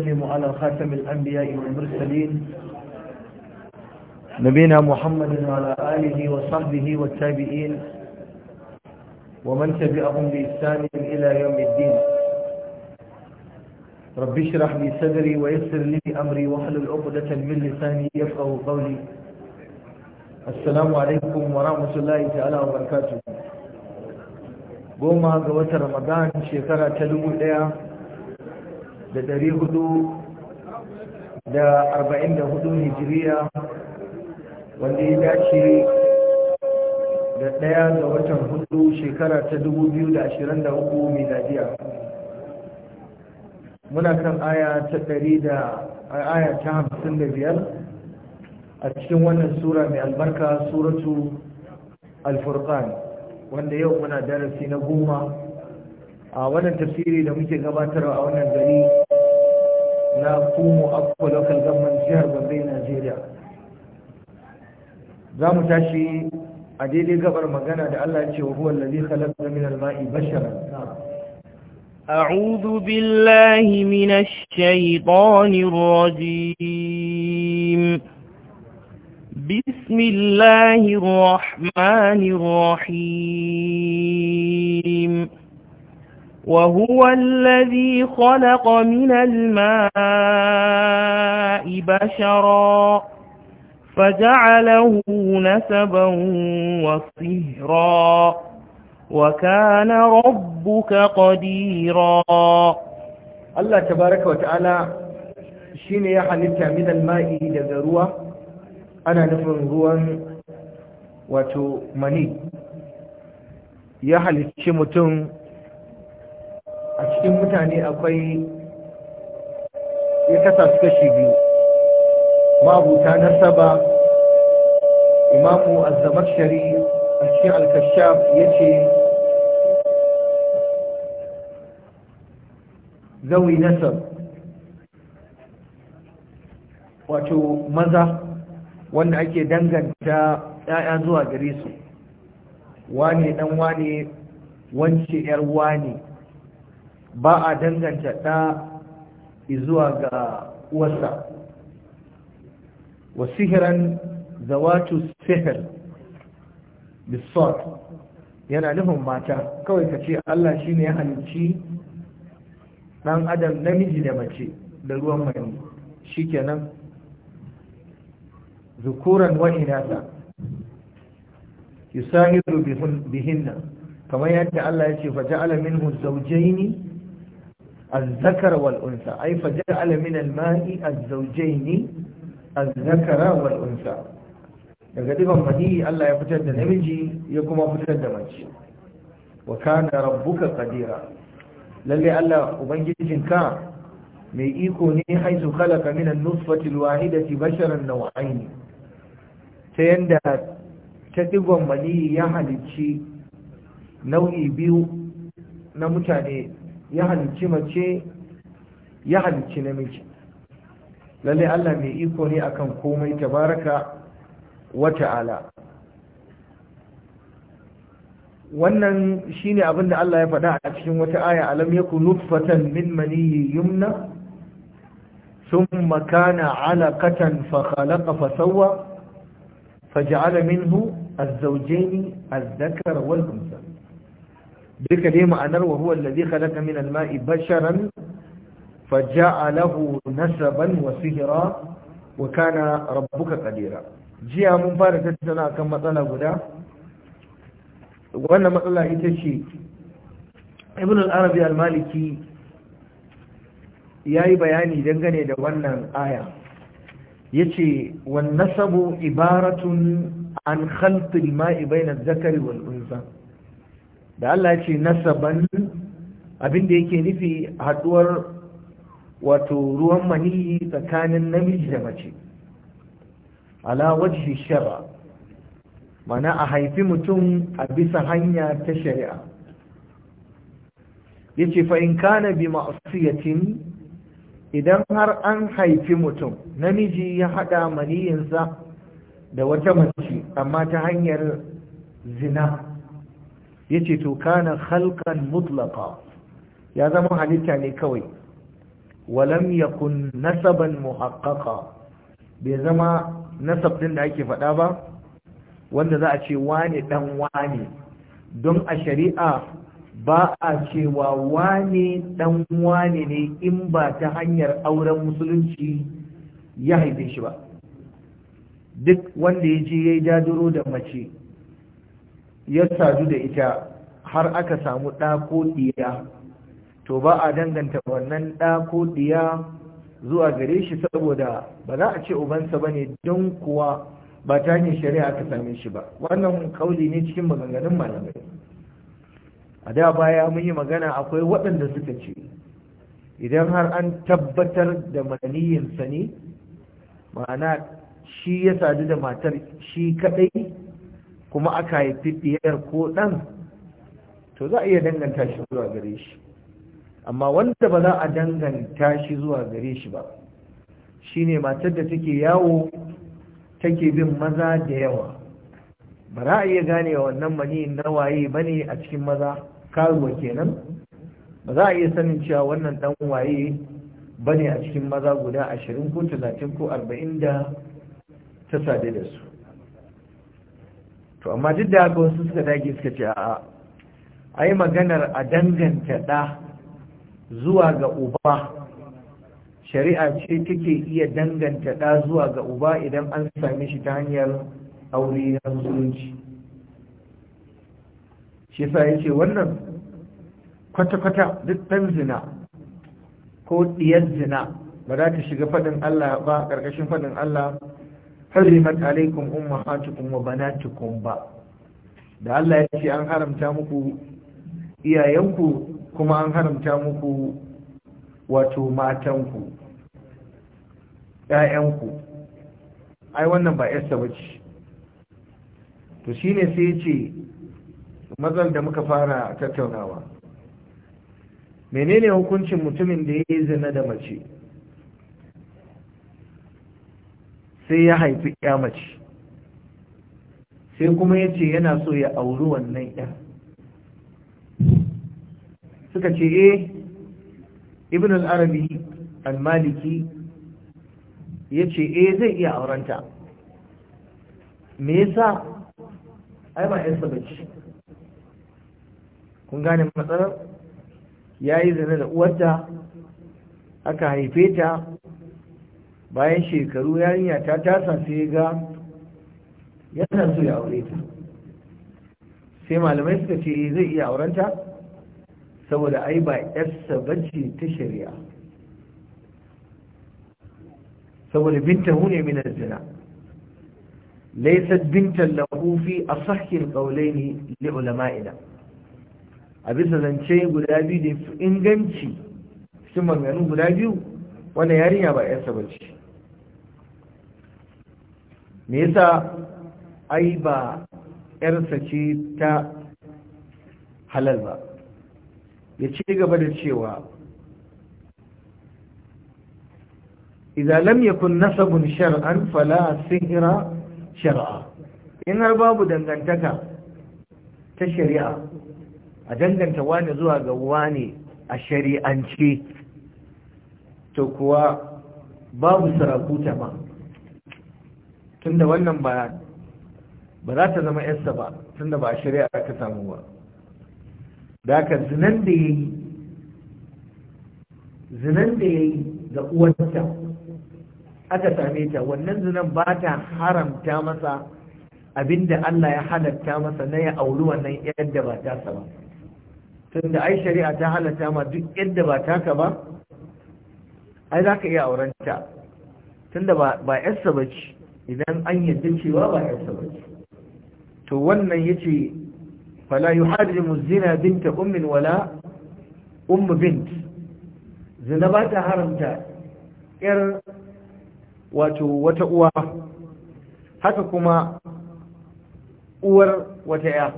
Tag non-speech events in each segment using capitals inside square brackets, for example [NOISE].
نسلم على خاتم الأنبياء والمرسلين نبينا محمد وعلى آله وصحبه والتابعين ومن تبعهم بإحسان إلى يوم الدين رب اشرح لي صدري ويسر لي أمري واحلل عقدة من لساني يفقه قولي السلام عليكم ورحمة الله تعالى وبركاته goma ga watan ramadan shekara ta dubu ɗaya da ɗari hudu da arba'in da hudu hijiriya wanda ya dace da ɗaya ga watan hudu shekara ta dubu biyu da ashirin da uku miladiya muna kan aya ta ɗari da aya ta hamsin da biyar a cikin wannan sura mai albarka suratu alfurkan wanda yau muna darasi na goma a wannan tafsiri da muke gabatarwa a wannan gari na kumo abubuwa local government jihar gombe najeriya za mu tashi a daidai gabar magana da allah ce wa huwa lalli khalaqa min al-ma'i basharan أعوذ بالله من الشيطان الرجيم بسم الله الرحمن الرحيم وهو الذي خلق من الماء بشرا فجعله نسبا وصهرا وكان ربك قديرا الله تبارك وتعالى شين يا حليتا من الماء دغروا انا نفن ruwan وتمني يا ya halicci a cikin mutane akwai ya kasa su kashi biyu mabuta saba imamu azamar shari a cikin alkashaf ya ce zawi nasab wato maza wanda ake danganta ‘ya'ya zuwa gare su wane ɗan wane wance ‘yar wane ba a danganta ɗa zuwa ga uwarsa wa sihiran zawatu sihir bisot yana nufin mata kawai ka ce Allah shi ne ya halicci ɗan adam namiji da mace da ruwan mai shi kenan zukuran wa'inata yusahiru bihinna kamar yadda Allah ya ce fa ja'ala minhu zawjaini الذكر والأنثى أي فجعل من الماء الزوجين الذكر والأنثى daga diban mani Allah ya fitar da namiji ya kuma fitar da mace wa kana rabbuka qadira lalle Allah ubangijinka mai iko ne haizu khalaqa min an-nutfati al-wahidati basharan naw'ayn ta yadda ta digon maniyi ya halicci nau'i biyu na mutane ya halicci mace ya halicci namiji lalle Allah mai iko ne akan komai tabaraka wa ta'ala wannan shine abin da Allah ya faɗa a cikin wata aya alam yaku nutfatan min maniyyi yumna thumma kana 'alaqatan fa khalaqa fa sawwa faj'ala minhu az duka ne ma'anar wa huwa allazi khalaqa min al-ma'i basharan faja'alahu nasaban wa sihra wa kana rabbuka qadira jiya mun fara tattauna kan matsala guda wannan matsala ita ce ibn al-arabi al-maliki yayi bayani dangane da wannan aya yace wan nasabu ibaratun an khalt al-ma'i bayna adh wal-unsa da Allah ce nasaban abin da yake nufi haduwar wato ruwan maniyi tsakanin namiji da mace ala wajhi shara mana a haifi mutum a bisa hanya ta shari'a yace fa in kana bi ma'siyatin idan har an haifi mutum namiji ya hada maniyinsa da wata mace amma ta hanyar zina yace to kana halkan mutlaqa ya zama halitta ne kawai walam yakun nasaban muhaqqaqa bai zama nasab din da ake faɗa ba wanda za a ce wane dan wane don a shari'a ba a cewa wane dan wane ne in ba ta hanyar auren musulunci ya haife shi ba duk wanda ya je ya yi da mace ya sadu da ita har aka samu ɗa ko ɗiya to ba a danganta wannan ɗa ko ɗiya zuwa gare shi saboda ba za a ce ubansa ba ne don kuwa ba ta yin shari'a aka same shi ba wannan kauli ne cikin maganganun malamai a da baya mun yi magana akwai waɗanda suka ce idan har an tabbatar da maniyinsa ne ma'ana shi ya sadu da matar shi kaɗai kuma aka haifi biyar ko ɗan to za a iya danganta shi zuwa gare shi amma wanda ba za a danganta shi zuwa gare shi ba shine matar da take yawo take bin maza da yawa ba za a iya gane wannan mani na waye ba ne a cikin maza karuwa kenan ba za a iya sanin cewa wannan dan waye ba ne a cikin maza guda ashirin ko talatin ko arba'in da ta sadu da su to amma duk da haka wasu suka dage suka ce a'a ai maganar a danganta ɗa zuwa ga uba shari'a ce take iya danganta ɗa zuwa ga uba idan an same shi ta hanyar aure na musulunci shi yasa ya ce wannan kwata-kwata duk zina ko ɗiyar zina ba za ta shiga faɗin Allah ba ƙarƙashin faɗin Allah harimat alaikum ummahatukum wa banatukum ba da Allah ya ce an haramta muku iyayenku kuma an haramta muku wato matanku ƴaƴanku ai wannan ba 'yasta bace to shine sai ya ce mazal da muka fara tattaunawa menene hukuncin mutumin da ya yi zina da mace sai ya haifi ya mace sai kuma ya ce yana so ya auri wannan ya suka ce eh ibn al-arabi al-maliki ya ce e zai iya aurenta me yasa ai ba yarsa bace kun gane matsalar ya yi zane da uwarta aka haife ta bayan shekaru yarinya ta tasa sai ga yana so ya aure ta sai malamai suka ce eh, zai iya aurenta saboda ai ba yarsa bacci ta shari'a saboda binta hune min zina laysat bintan lahu fi asahhi alqawlayn li ulama'ina a bisa zance guda biyu da inganci sun maganin guda biyu wannan yarinya ba yarsa bacci me yasa ai ba yarsa ce ta halal ba ya ci gaba da cewa idan lam yakun nasabun shar'an fala sihra shar'a in har babu dangantaka ta shari'a a danganta wani zuwa ga wani a shari'ance to kuwa babu sarakuta ba tunda wannan ba ba za ta zama yarsa ba tunda ba a shari'a ta samu ba da haka zinan da ya yi zinan da ya yi ga uwarta aka same ta wannan zinan ba ta haramta masa abinda Allah ya halatta masa na ya auri wannan yadda ba ta ba tunda ai shari'a ta halatta ma duk yadda ba taka ba ai za ka iya aurenta tunda ba yarsa ba ce idan an yadda cewa ba yarsa ba to wannan yace fala yuharrimu zina Binta ummin wala umm bint zina ba ta haramta yar wato wata uwa haka kuma uwar wata ya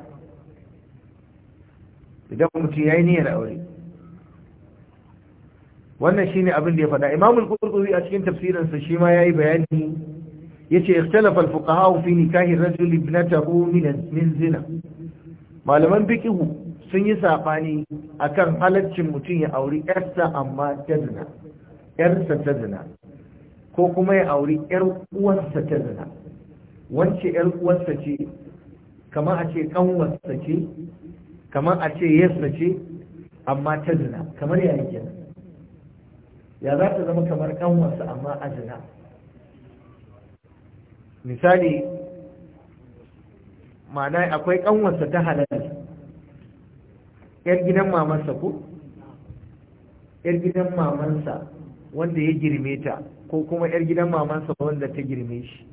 idan mutum ya yi niyyar aure wannan ne abin da ya faɗa imamul qurtubi a cikin tafsirinsa shi ma yi bayani yace ikhtalafa al-fuqaha fi nikahi ar-rajuli ibnatahu min min zina malaman fiqhu sun yi sabani akan halaccin mutum ya auri yarsa amma ta zina yarsa ta zina ko kuma ya auri yar uwarsa ta zina wance yar uwarsa ce kamar a ce kanwarsa ce kamar a ce yarsa ce amma ta zina kamar yayin ya za ta zama kamar kanwarsa amma a zina misali ma'ana akwai ƙanwarsa ta halal yar gidan mamansa ko yar gidan mamansa wanda ya girme ta ko kuma yar gidan mamansa wanda ta girme shi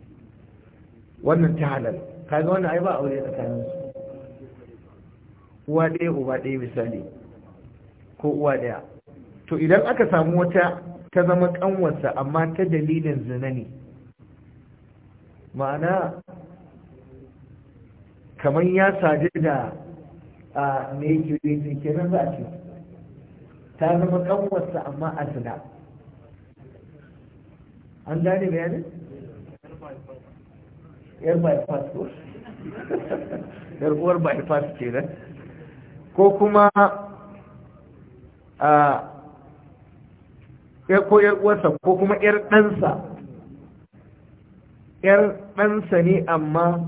wannan ta halal kaga wannan ai ba aure tsakanin su uwa ɗaya uba ɗaya misali ko uwa ɗaya to idan aka samu wata ta zama kanwarsa amma ta dalilin zina ne ma'ana kamar ya sadu da a mai kirin kenan za a ce ta zama kanwarsa amma a zina an gane bayanin? yar bypass ko? [LAUGHS] yar uwar bypass kenan ko kuma a ko yar uwarsa ko kuma yar ɗansa yar ɗansa ne amma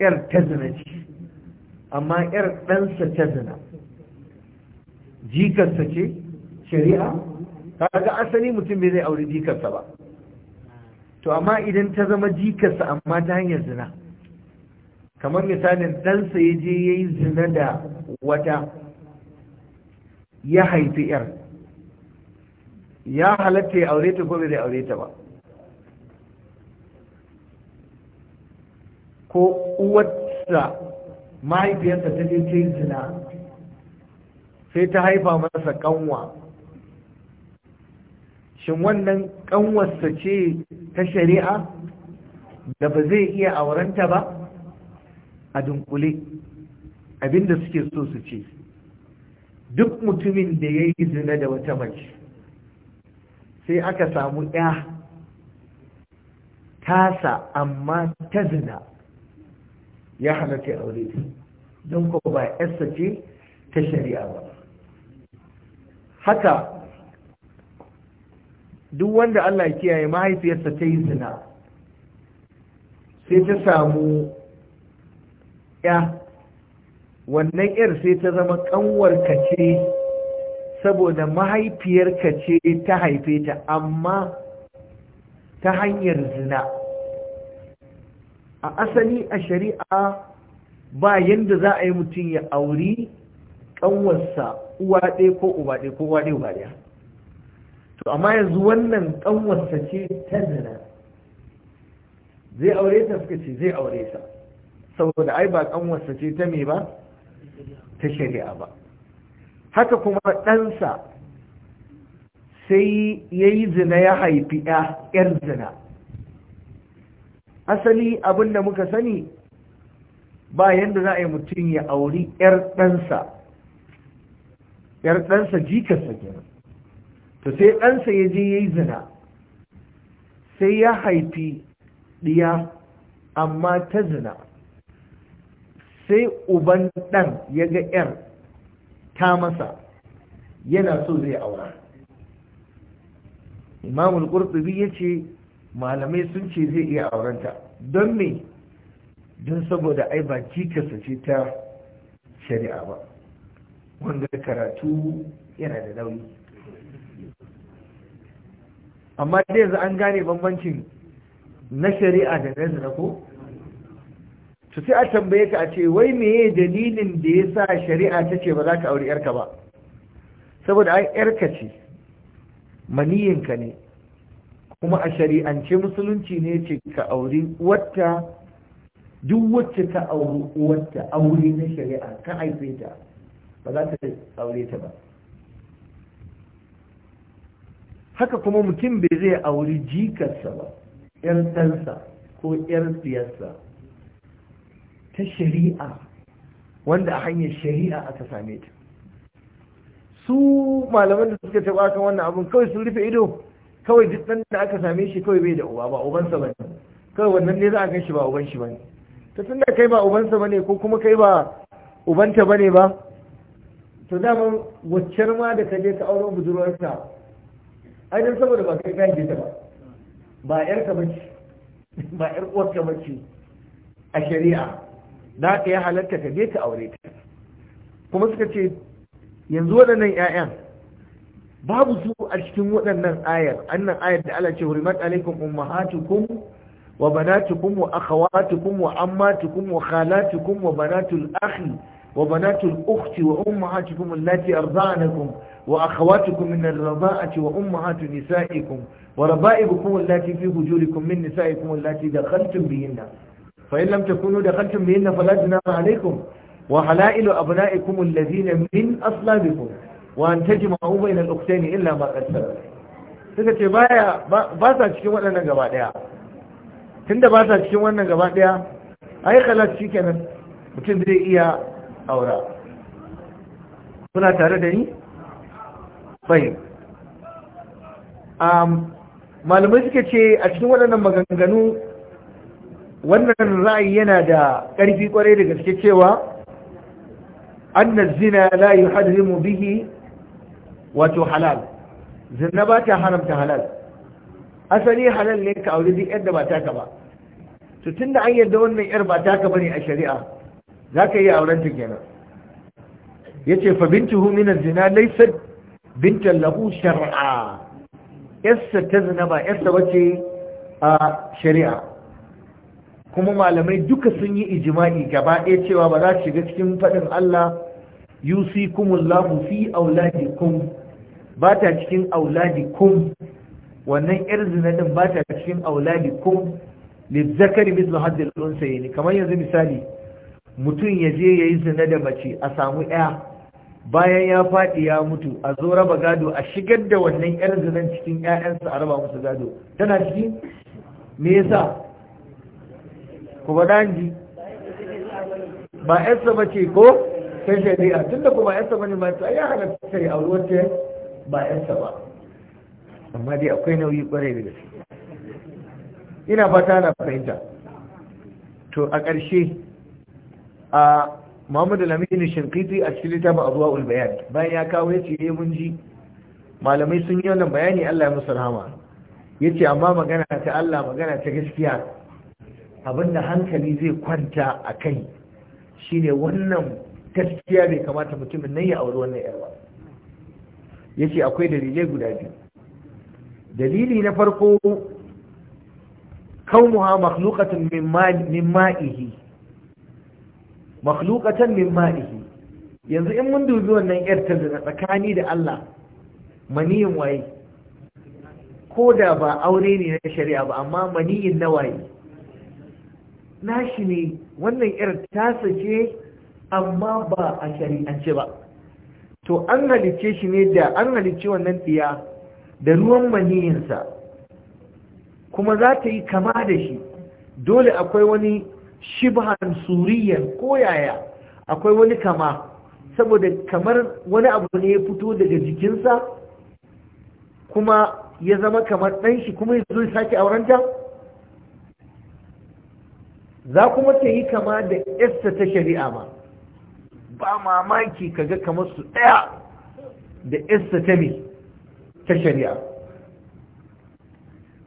yar ta zina ce amma yar ɗansa ta zina jikarsa ce shari'a kaga asali mutum bai zai auri jikarsa ba to amma idan ta zama jikarsa amma ta hanyar zina kamar misalin ɗansa ya je ya yi zina da wata ya haifi yar ya halatta ya aure ta ko bai zai aure ta ba ko uwarsa mahaifiyarsa ta je ta zina sai ta haifa masa kanwa shin wannan kanwarsa ce ta shari'a da ba zai iya auranta ba a dunkule abinda suke so su ce duk mutumin da ya yi zina da wata mace sai aka samu ya tasa amma ta zina ya ta aure ta don ko ba yarsa ce ta shari'a ba haka duk wanda Allah ya kiyaye mahaifiyarsa ta yi zina sai ta samu ya wannan yar sai ta zama ka ce saboda mahaifiyarka ce ta haife ta amma ta hanyar zina a asali a shari'a ba yadda za a yi mutum ya auri ƙanwarsa uwa ɗaya ko uba ɗaya ko uwa uba ɗaya to amma yanzu wannan ƙanwarsa ce ta zina zai aure ta suka ce zai aure sa, saboda ai ba ƙanwarsa ce ta me ba ta shari'a ba haka kuma ɗansa sai ya yi zina ya haifi 'yar zina asali abin da muka sani ba yadda za a yi mutum ya auri 'yar ɗansa ‘yar ɗansa jikarsa kenan to sai ɗansa ya je ya yi zina sai ya haifi ɗiya amma ta zina sai uban ɗan ya ga ‘yar ta masa yana so zai aura imamul ƙurtubi ya ce malamai sun ce zai iya aurenta don me don saboda ai ba cikinsa ce ta shari'a ba wanda karatu yana da nauyi amma dai yanzu an gane bambancin na shari'a da na zina ko to sai a tambaye ka a ce wai meye dalilin da ya sa shari'a ta ce ba za ka auri yarka ba saboda ai yarka ce maniyinka ne kuma a shari'ance musulunci ne ce ka auri wata duk wacce ta auri wata aure na shari'a ka haife ta ba za ta aure ta ba haka kuma mutum bai zai auri jikarsa ba 'yar ɗansa ko 'yar siyarsa ta shari'a wanda a hanyar shari'a aka same ta su malaman da suka taba kan wannan abun kawai sun rufe ido kawai duk ɗan da aka same shi kawai bai da uba ba ubansa ba ne kawai wannan ne za a gan shi ba uban shi ba ne ta tunda kai ba ubansa ba ne ko kuma kai ba ubanta ba ne ba to daman waccar ma da ka je ka auren budurwarsa ai dan saboda ba kai kai ba ba yar ka bace ba yar uwar ka bace a shari'a da ka yi halatta ka je ka aure ta kuma suka ce yanzu waɗannan 'ya'yan babu su a cikin waɗannan ayar annan ayar da Allah ce hurimat alaikum ummahatukum wa banatukum wa akhawatukum wa ammatukum wa khalatukum wa banatul akhi wa banatul ukhti wa ummahatukum allati arda'anakum wa akhawatukum min ar-rida'ati wa ummahatu nisa'ikum wa raba'ibukum allati fi hujurikum min nisa'ikum allati dakhaltum bihinna fa in lam takunu dakhaltum bihinna fala junaha alaykum wa halailu abna'ikum alladhina min aslabikum wa an na bainal ukhtaini illa ma qad suka ce baya ba sa cikin waɗannan gaba daya tunda ba sa cikin wannan gaba daya ai khalas shikenan mutum zai iya aura Suna tare da ni fahim malamai suka ce a cikin waɗannan maganganu wannan ra'ayi yana da ƙarfi ƙwarai da gaske cewa anna zina la yuhadrimu bihi wato halal zina ba ta haramta halal asali halal ne ka aure duk yadda ba taka ba to tunda an yadda wannan yar ba taka bane a shari'a za ka yi auren ta kenan ce fa Bintu min zina laysat bintan lahu shar'a yassa ta zina ba yassa bace a shari'a kuma malamai duka sun yi ijma'i gaba ɗaya cewa ba za su shiga cikin faɗin Allah yusikumullahu fi auladikum ba ta cikin auladikum wannan yar zina din ba ta cikin auladikum lizzakari mislu haddil yini kamar yanzu misali mutum ya je yayi zina da mace a samu ɗaya bayan ya faɗi ya mutu a zo raba gado a shigar da wannan yar zinan cikin ƴaƴansa a raba musu gado tana ciki me yasa ku ba ji ba yarsa ba ce ko sai shari'a tunda kuma yarsa bane ba ta ya halatta sai aure wacce ba yansa ba amma dai akwai nauyi kwarai da gaske ina fata na fahimta to a ƙarshe a Muhammadu Lamini Shinkiti a cikin littafin Abuwa Ulbayan bayan ya kawo ya ce ya eh, mun ji malamai sun yi wannan bayani Allah ya musu rahama Ya ce amma magana ta Allah magana ta gaskiya abinda hankali zai kwanta a kai shine wannan gaskiya bai kamata mutumin nan ya auri wannan yarwa yace akwai dalilai guda biyu dalili na farko kaunuha makhluqatan min ma'ihi makhluqatan min ma'ihi yanzu in mun dubi wannan yar ta tsakani da Allah maniyin waye ko da ba aure ne na shari'a ba amma maniyin na waye nashi ne wannan yar ta sace amma ba a shari'ance ba to an halicce shi ne da an halicce wannan tsiya da ruwan maniyinsa kuma za ta yi kama da shi dole akwai wani shibhan suriyan yaya akwai wani kama saboda kamar wani abu ne ya fito daga jikinsa kuma ya zama kamar ɗan shi kuma ya zo sake aurenta za kuma ta yi kama da yasta ta shari'a ma ba mamaki ka ga kamar su ɗaya da yarsa ta ne ta shari'a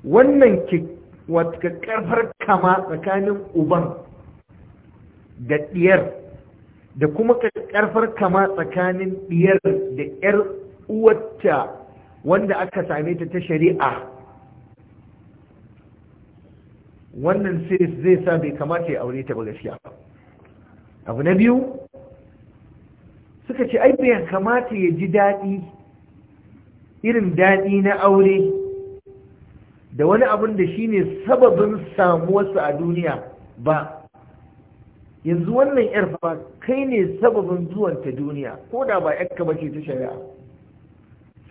wannan wata karfar kama tsakanin uban da ɗiyar da kuma ƙarfar kama tsakanin ɗiyar da ‘yar uwata, wanda aka same ta ta shari'a wannan sai zai sa bai kamata ya aure ta ba gaskiya abu na biyu suka ce ai bai kamata ya ji daɗi irin daɗi na aure da wani abin da shi ne sababin samuwarsa a duniya ba yanzu wannan yar fa kai ne sababin zuwanta duniya ko da ba yakka ce ta shari'a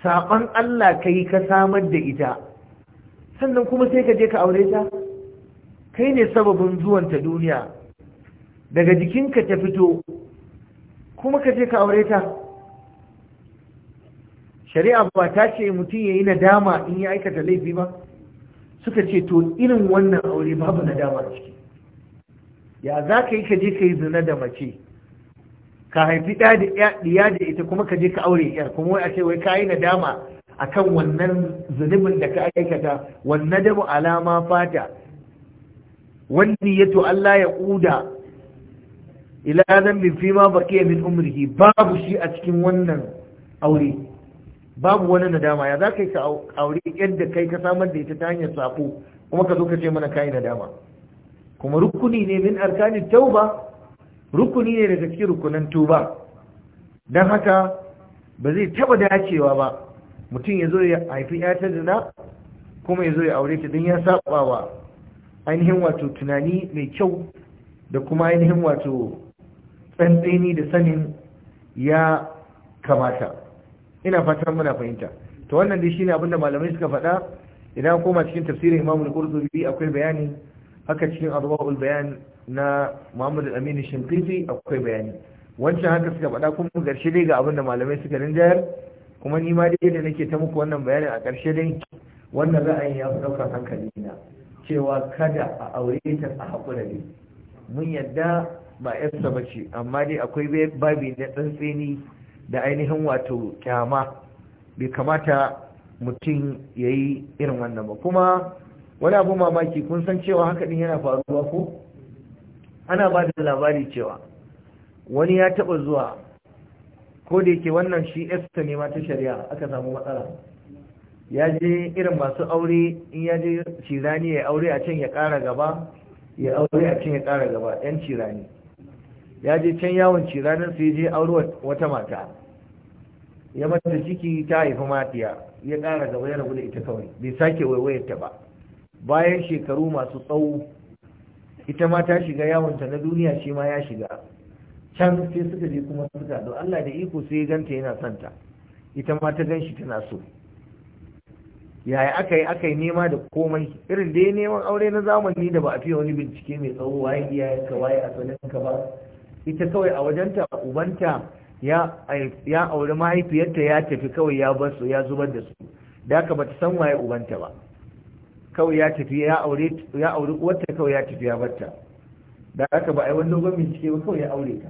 saban Allah kai ka samar da ita sannan kuma sai ka je ka aure ta kai ne sababin zuwanta duniya daga jikinka ta fito kuma ka je ka aure ta shari'a ba ta ce mutum ya yi nadama in ya aikata laifi ba suka ce to irin wannan aure babu nadama a ciki ya za ka yi ka je ka yi zina da mace ka haifi ɗaya da ita kuma ka je ka aure ya kuma wai a ce wai ka yi nadama akan wannan zunubin da ka aikata wannan damu alama fata wanda ya to Allah ya ƙuda ila zambin fi ma baki min umrihi babu shi a cikin wannan aure babu wani nadama ya zaka yi ka aure yadda kai ka samar da ita ta hanyar sako kuma ka zo ka ce mana kai nadama kuma rukuni ne min arkani tauba rukuni ne daga cikin rukunan tuba don haka ba zai taba dacewa ba mutum ya zo ya haifi ya ta zina kuma ya zo ya aure ta don ya saba wa ainihin wato tunani mai kyau da kuma ainihin wato tsantseni da sanin ya kamata ina fatan muna fahimta to wannan dai shine abinda malamai suka faɗa idan koma cikin tafsirin Imam al-Qurtubi akwai bayani haka cikin Adwaul Bayan na Muhammad al-Amin Shinqiti akwai bayani wancan haka suka faɗa kuma garshe dai ga abinda malamai suka rinjayar kuma ni ma dai da nake ta muku wannan bayanin a ƙarshe dai wannan ra'ayin ya fi ɗaukar hankali na cewa kada a aure ta a haƙura ne mun yadda ba yarsa ba ce amma dai akwai babi na tsantseni da ainihin wato kyama bai kamata mutum ya yi irin wannan ba kuma wani abu mamaki kun san cewa haka ɗin yana faruwa ko ana ba da labari cewa wani ya taɓa zuwa ko da yake wannan shi esta ne ta shari'a aka samu matsala ya je irin masu aure in ya je cirani ya aure a can ya kara gaba ya aure a can ya kara gaba yan cirani ya je can yawon ci ranar sai je auro wata mata ya mata ciki ta haifi matiya ya ƙara gaba ya rabu da ita kawai bai sake waiwayar ta ba bayan shekaru masu tsawo ita ma ta shiga yawonta na duniya shi ma ya shiga can sai suka je kuma suka don Allah da iko sai ya ganta yana santa ita ma ta ganshi tana so yaya aka yi aka yi nema da komai irin da ya neman aure na zamani da ba a fiye wani bincike mai tsawo waye iyayenka waye asalinka ba ita kawai a wajenta ubanta ya auri mahaifiyarta ya tafi kawai ya bar su ya zubar da su da aka bata san waye ubanta ba kawai ya tafi ya aure auri uwarta kawai ya tafi ya barta da aka ba a yi wani dogon bincike ba kawai ya aure ta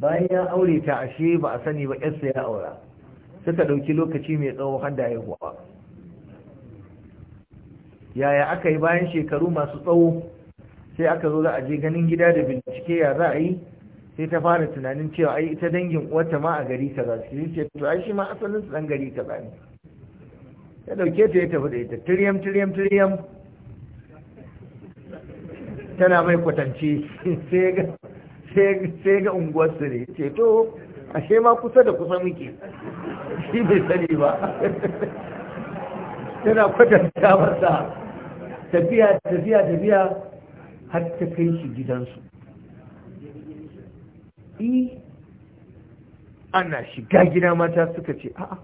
bayan ya aure ta ashe ba a sani ba yarsa ya aura suka ɗauki lokaci mai tsawo har da haihuwa yaya aka yi bayan shekaru masu tsawo sai aka zo za a je ganin gida da bincike ya za a yi sai ta fara tunanin cewa ai ita dangin wata ma a gari za su ce to ai shi ma asalin su dan gari ba ne ta dauke ta ya tafi da ita tiryam tiryam tiryam tana mai kwatance sai ga unguwar su ne ce to ashe ma kusa da kusa muke shi bai sani ba tana kwatanta masa tafiya tafiya tafiya har ta kai shi gidansu i ana shiga gida mata suka ce a'a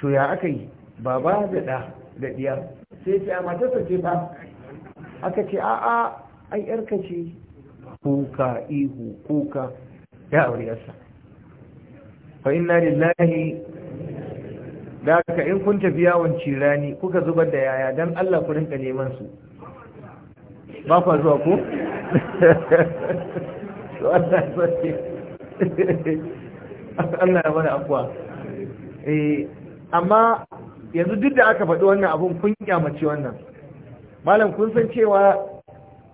to ya aka yi baba da ɗa da ɗiya sai ce a matarsa ce ba aka ce a'a ai yarka ce kuka ihu kuka ya aure yarsa fa inna lillahi da haka in kun tafi yawon cirani kuka zubar da yaya don Allah ku rinka neman su ba kwa zuwa ko Allah eh, amma yanzu duk da aka faɗi wannan abun kun kyamace wannan malam kun san cewa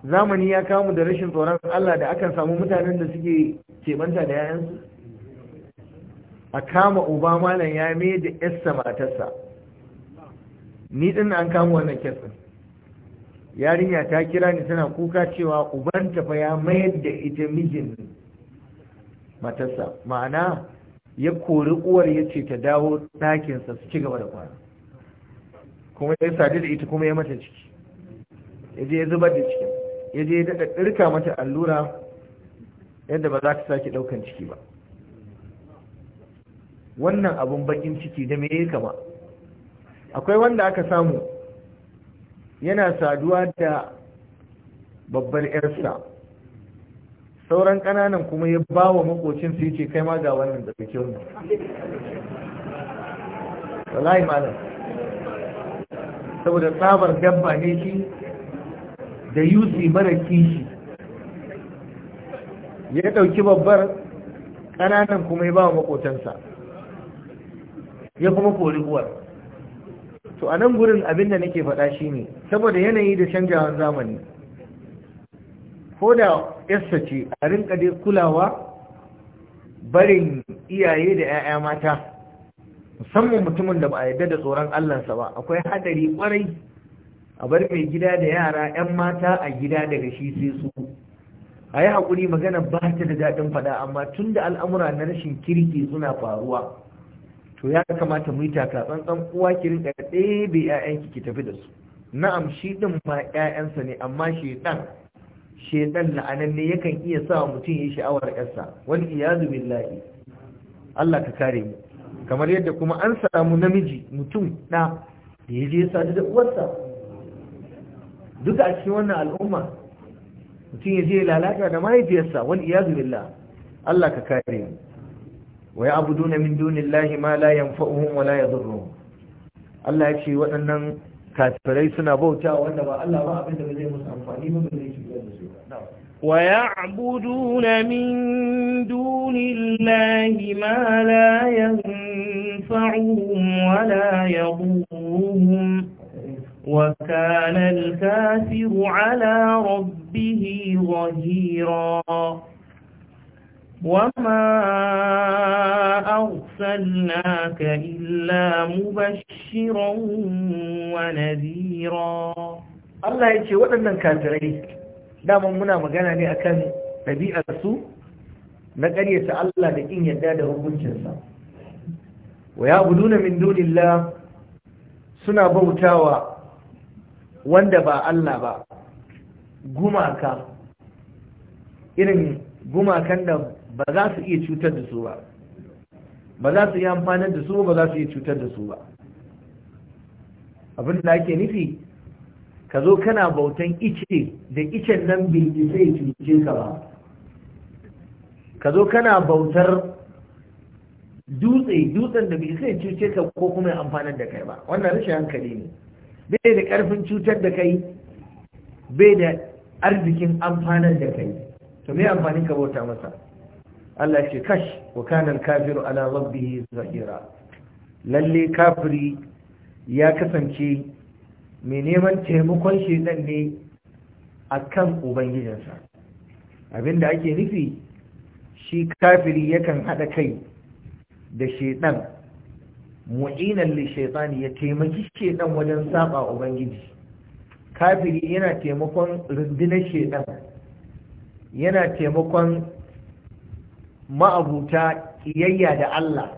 zamani ya kamu da rashin tsoron Allah da akan samu mutanen da suke kebanta da yayansu a kama uba malam ya mai da yassa matarsa ni din an kama wannan kesin yarinya ta kira ni tana kuka cewa ubanta fa ya mayar da ita mijin matarsa ma'ana ya kori uwar ya ce ta dawo ɗakinsa su ci gaba da kwana kuma ya sadu da ita kuma ya mata ciki ya je ya zubar da cikin ya je ya daɗa ɗirka mata allura yadda ba za ta sake ɗaukan ciki ba wannan abun bakin ciki da me ya kama akwai wanda aka samu yana saduwa da babbar yarsa sauran ƙananan kuma ya ba wa makocin su ce kai ma ga wannan da kyau ne wallahi malam saboda tsabar dabba ne shi da yusi mara kishi ya ɗauki babbar ƙananan kuma ya ba wa makocinsa ya kuma kori uwar to a nan gurin abin da nake faɗa shi ne saboda yanayi da canjawar zamani ko da yasta ce a rinka dai kulawa barin iyaye da 'ya'ya mata musamman mutumin da ba a yadda da tsoron allansa ba akwai haɗari kwarai a bar mai gida da yara 'yan mata a gida daga shi sai su a yi haƙuri magana ba ta da daɗin faɗa amma tun da al'amura na rashin kirki suna faruwa to ya kamata mu yi taka tsantsan uwa ki rinka ɗebe ƴaƴanki ki tafi da su na'am shi din ma ƴaƴansa ne amma shedan shedan la'anan ne yakan iya sa mutum yi sha'awar ƴarsa wal iyadu billahi Allah ka kare mu kamar yadda kuma an samu namiji mutum da, da ya je sadu da uwarsa duk a cikin wannan al'umma mutum ya je lalata da mahaifiyarsa wal iyadu billah Allah ka kare mu wa ya'buduna min lahi ma la yanfa'uhum wa la yadhurruhum Allah ya ce waɗannan kafirai suna bauta wanda ba Allah ba abin da zai musu amfani ba zai shiga da su wa ya'buduna min lahi ma la yanfa'uhum wa la yadhurruhum وكان الكافر على ربه ظهيرا وما أرسلناك إلا مبشرا Allah ya ce waɗannan kafirai daman muna magana ne akan ɗabi'arsu na ƙaryata Allah da ƙin yadda da hukuncinsa wa ya buduna min dunillah suna bautawa wanda ba Allah ba gumaka irin gumakan da ba za su iya cutar da su ba ba za su iya amfanar da su ba za su iya cutar da su ba abin da ake nufi ka zo kana bautan ice da icen nan bai isa ya cuce ka ba ka zo kana bautar dutse dutsen da bai isa ya cuce ka ko kuma ya amfanar da kai ba wannan rashin hankali ne bai da karfin cutar da kai bai da arzikin amfanar da kai to me amfanin ka bauta masa Allah ce kash wa kana kafiru ala rabbihi zahira lalle kafiri ya kasance mai neman taimakon shedan ne akan ubangijinsa abinda ake nufi shi kafiri yakan hada kai da shedan mu'inan li shaitani ya taimaki shedan wajen saba ubangiji kafiri yana taimakon rundunar shedan yana taimakon ma'abuta kiyayya da Allah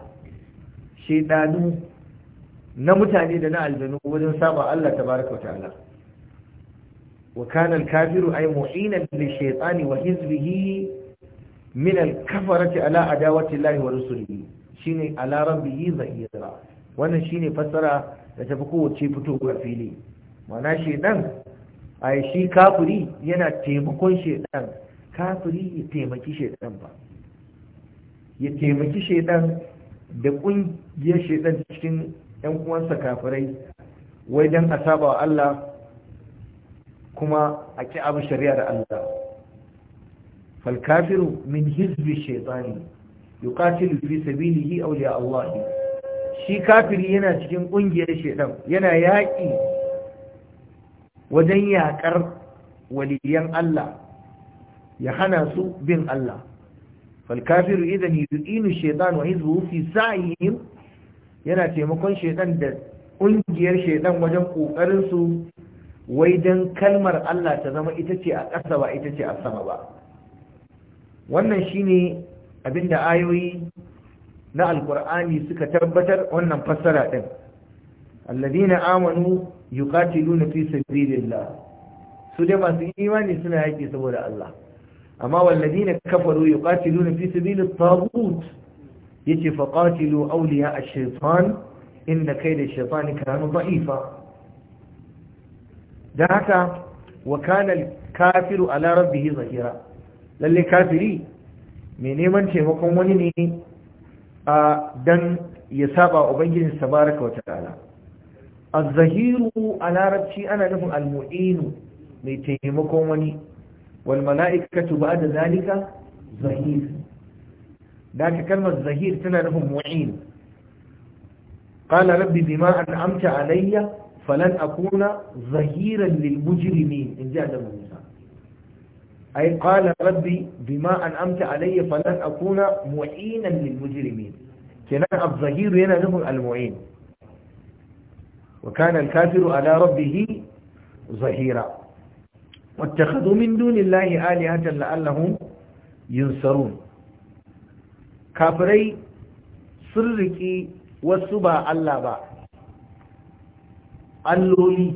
shaidanu na mutane da na aljanu wajen saba Allah tabaraka wa ta'ala wa kana al-kafiru ay mu'ina lishaytani wa hizbihi min al-kafarati ala adawati Allah wa rusulihi shine ala rabbihi zahira wannan shine fassara da tafi kowace fitowa fili mana shaiɗan ai shi kafiri yana taimakon shedan kafiri ya taimaki shedan ba ya taimaki shaidan da ƙungiyar shaidan cikin 'yan uwansa kafirai wai don a saba wa Allah kuma a ƙi abin shari'a da Allah falkafiru min hizbi shaitani yuqatilu fi sabilihi awliya Allah shi kafiri yana cikin ƙungiyar shaidan yana yaƙi wajen yaƙar waliyan Allah ya hana su bin Allah فالكافر إذا يدين الشيطان وحزبه في سعيهم yana taimakon shaidan da ƙungiyar shaidan wajen ƙoƙarinsu wai don kalmar Allah ta zama ita ce a ƙasa ba ita ce a sama ba wannan shine abinda ayoyi na alkur'ani suka tabbatar wannan fassara ɗin alladina amanu yuqatiluna fi sabilillah su dai masu imani suna yaƙi saboda Allah amma walladina kafaru ya fi sabilit taghut yace faqatilu awliya ash-shaytan inna kayda ash-shaytani kana da'ifa da haka wa kana al-kafiru ala rabbihi zahira lalle kafiri mai neman taimakon wani ne dan ya saba ubangijin tabaraka wa ta'ala az-zahiru a larabci ana nufin al-mu'inu mai taimakon wani والملائكة بعد ذلك ظهير ذاك كلمة ظهير تنا لهم معين قال ربي بما أنعمت علي فلن أكون ظهيرا للمجرمين إن جاء دم أي قال ربي بما أنعمت علي فلن أكون معينا للمجرمين كنا الظهير ينا لهم المعين وكان الكافر على ربه ظهيرا واتخذوا من دون الله آلهة لعلهم ينصرون كافري سرقي والسبا الله با alloli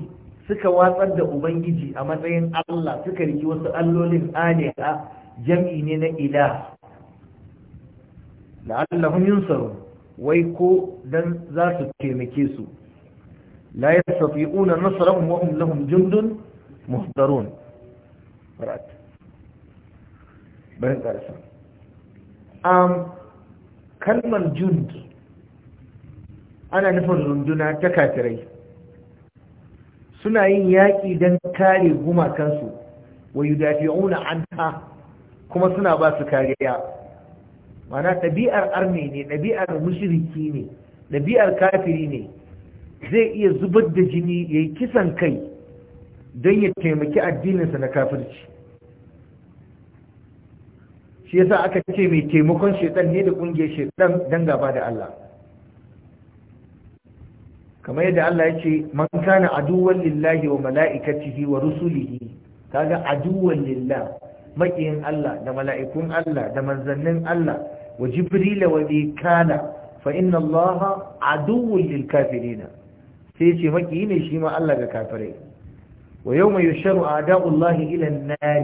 suka watsar da ubangiji a matsayin Allah suka riki wasu allolin aliha jam'i ne na ila la'allahum yunsaru wai ko don za su taimake su la yastati'una nasrahum nasarar hum lahum jundun muhdarun ra'ad bayan Um, kalmar jund ana nufin runduna ta kafirai suna yin yaƙi don kare gumakansu wa an ta kuma suna ba su kariya mana ɗabi'ar arme ne ɗabi'ar mushriki ne ɗabi'ar kafiri ne zai iya zubar da jini ya yi kisan kai don ya taimaki addininsa na kafirci shi yasa aka ce mai taimakon shaitan ne da kungiyar shaitan don gaba da Allah kamar yadda Allah ya ce man kana aduwan lillahi wa mala'ikatihi wa rusulihi kaga aduwan lillah makiyin Allah da mala'ikun Allah da manzannin Allah wa jibrila wa mikala fa inna Allah aduwan lil kafirina sai ce makiyi ne shi ma Allah ga kafirai ويوم يشر أعداء الله إلى النار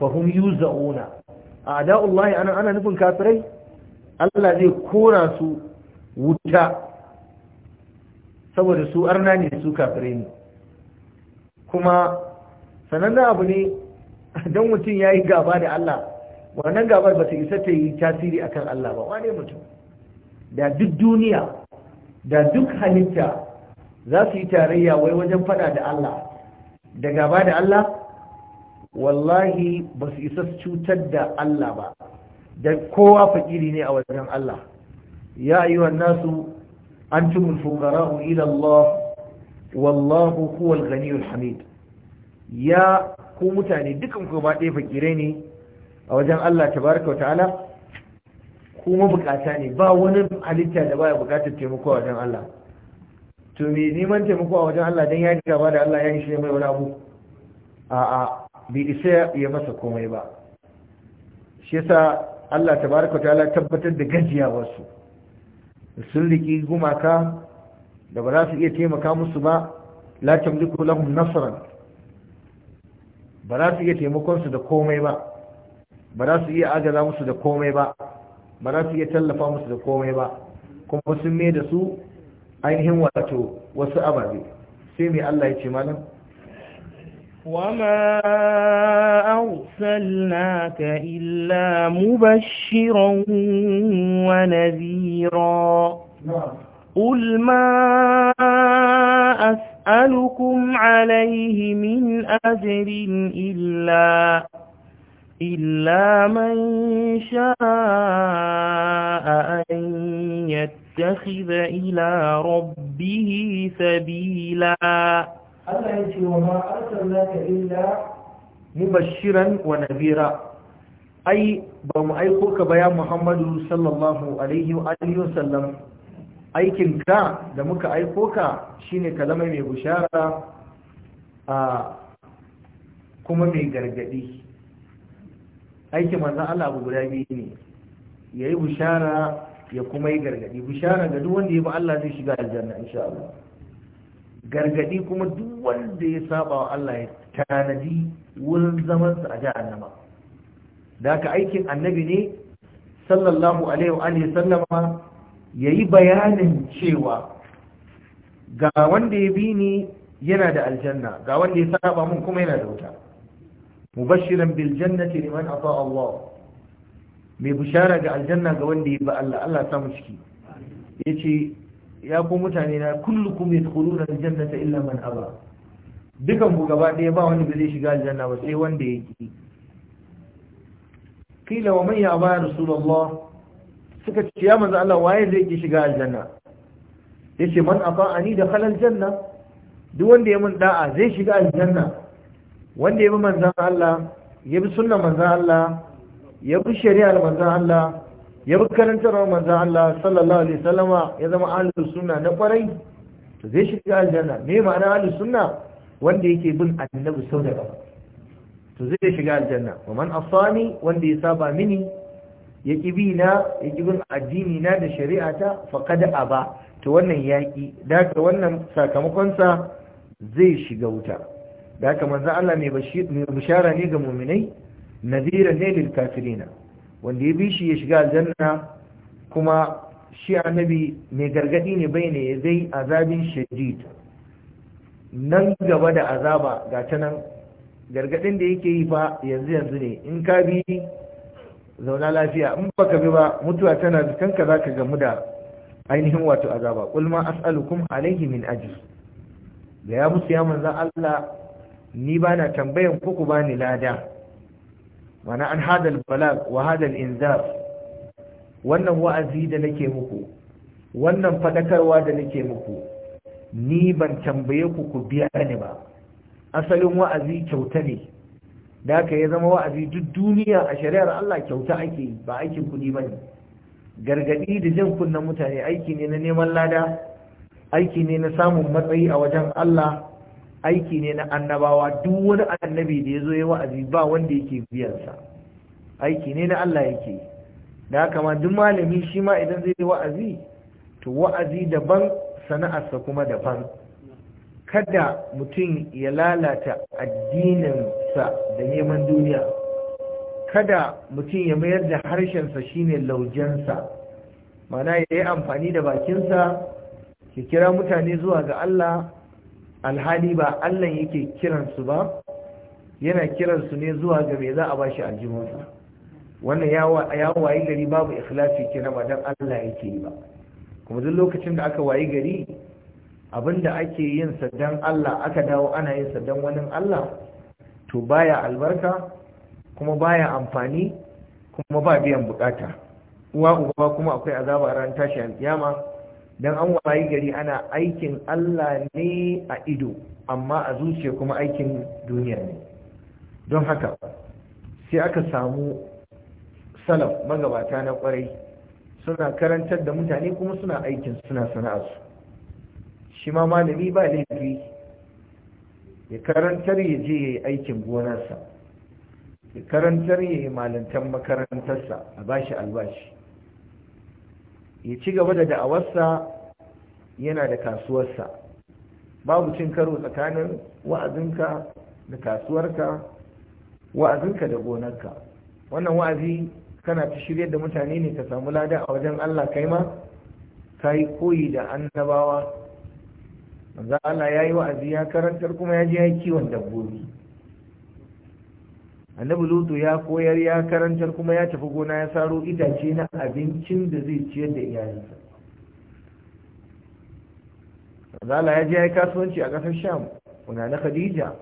فهم يوزعون أعداء الله أنا أنا نفن كافرين Allah zai kora su wuta saboda su arna ne su kafirai ne kuma sanannen abu ne don mutum ya yi gaba da Allah wannan gabar ba ta isa ta yi tasiri akan Allah ba wane mutum da duk duniya da duk halitta za su yi tarayya wai wajen fada da Allah da gaba da Allah wallahi ba su isa cutar da Allah ba da kowa fakiri ne a wajen Allah ya ayyuhan nasu antumul fuqara'u ila Allah wallahu kuwal gani hamid ya ku mutane dukan ku ba ɗaya fakirai ne a wajen Allah tabaraka wa ta'ala kuma bukata ne ba wani halitta da baya bukatar taimako a wajen Allah to me neman taimako a wajen Allah don ya gaba da Allah ya yi shi mai wani abu a'a bai isa ya masa komai ba shi yasa Allah tabaraka ta'ala tabbatar da gajiyawarsu sun riki gumaka da ba za su iya taimaka musu ba la tamliku lahum nasran ba za su iya taimakon su da komai ba ba za su iya agaza musu da komai ba ba za su iya tallafa musu da komai ba kuma sun mai da su ainihin wato wasu ababe sai mai Allah ya ce malam wama arsalnaka illa mubashiran wa Ulma qul ma as'alukum alayhi min ajrin illa illa man sha'a an يتخذ إلى ربه سبيلا الله يتي وما أرسلناك إلا مبشرا ونذيرا أي بم أيقوك بيا محمد صلى الله عليه وآله وسلم aikinka da muka aiko ka shine kalama mai bushara kuma mai gargadi aikin manzan Allah abu guda biyu ne yayi bushara ya kuma yi gargadi bishara ga duk wanda ya bi Allah zai shiga aljanna insha Allah gargadi kuma duk wanda ya saba wa Allah ya tanadi wurin zaman sa a jahannama da haka aikin annabi ne sallallahu alaihi wa alihi sallama yayi bayanin cewa ga wanda ya bi ni yana da aljanna ga wanda ya saba mun kuma yana da wuta mubashiran bil jannati liman ata Allah mai bishara ga aljanna ga wanda ya ba Allah Allah samu ciki yace ya ku mutane na kullukum yadkhuluna aljannata illa man aba dukan ku gaba ɗaya ba wani da zai shiga aljanna ba sai wanda yake kila wa man ya ba rasulullah suka ce ya manzo Allah waye zai ke shiga aljanna yace man da dakhala aljanna duk wanda ya mun da'a zai shiga aljanna wanda ya bi manzon Allah ya bi sunnar manzon Allah ya bi shari'ar manzan Allah ya bi karantarwa manzan Allah sallallahu alaihi salama ya zama ahlus sunna na kwarai to zai shiga aljanna me ma'ana ahlus sunna wanda yake bin annabi sau da gaba to zai shiga aljanna wa man asani wanda ya saba mini ya kibi na ya kibin addini na da shari'ata faqad aba to wannan yaki da ka wannan sakamakon sa zai shiga wuta da ka manzan Allah mai bashara ne ga muminai nazira ne lil kafirina wanda ya bi shi ya shiga aljanna kuma shi annabi mai gargadi ne bai ne zai azabin shadid nan gaba da azaba ga ta nan gargadin da yake yi fa yanzu yanzu ne in ka bi zauna lafiya in baka bi ba mutuwa tana kanka zaka gamu da ainihin wato azaba qul ma as'alukum alayhi min ajr ga ya musu ya Allah ni bana tambayan ku ku bani lada mana an hadal balag wa hadal inzar wannan wa'azi da nake muku wannan fadakarwa da nake muku ni ban tambaye ku ku biya ni ba asalin wa'azi kyauta ne da ka ya zama wa'azi duk duniya a shari'ar Allah kyauta ake yi ba aikin kuɗi ba ne gargaɗi da jan kunnen mutane aiki ne na neman lada aiki ne na samun matsayi a wajen Allah aiki ne na annabawa duk wani annabi da ya zo ya wa'azi ba wanda yake biyansa aiki ne na Allah yake da haka ma duk malami shi ma idan zai yi wa'azi to wa'azi daban sana'arsa kuma daban kada mutum ya lalata addininsa da neman duniya kada mutum ya mayar da harshensa shine laujensa mana ya yi amfani da bakinsa ya kira mutane zuwa ga Allah alhali ba Allah yake kiransu ba yana kiransu ne zuwa ga me za a bashi aljihunsa wannan ya wayi gari babu ikhlasi kira ba dan Allah yake yi ba kuma duk lokacin da aka wayi gari abinda ake yin sa dan Allah aka dawo ana yin sa dan wani Allah to baya albarka kuma baya amfani kuma ba biyan bukata uwa uba kuma akwai azaba ran tashi alkiyama dan an wayi gari ana aikin Allah ne a ido amma a zuciya kuma aikin duniya ne don haka sai aka samu salaf magabata na kwarai suna karantar da mutane kuma suna aikin suna sana'arsu shi ma malami ba laifi ya karantar ya je ya yi aikin gonarsa ya karantar ya yi malantar makarantarsa a bashi albashi ya ci gaba da da'awarsa yana da kasuwarsa babu cin karo tsakanin wa'azinka da kasuwarka wa'azinka da gonarka wannan wa'azi kana ta shirya da mutane ne ka samu lada a wajen Allah kai ma ka yi koyi da annabawa manzo Allah ya yi wa'azi ya karantar kuma ya je ya kiwon dabbobi annabi lutu ya koyar ya karantar kuma ya tafi gona ya saro itace na abincin da zai ciyar da iyalinsa zala ya je ya yi kasuwanci a ƙasar sham kuna na khadija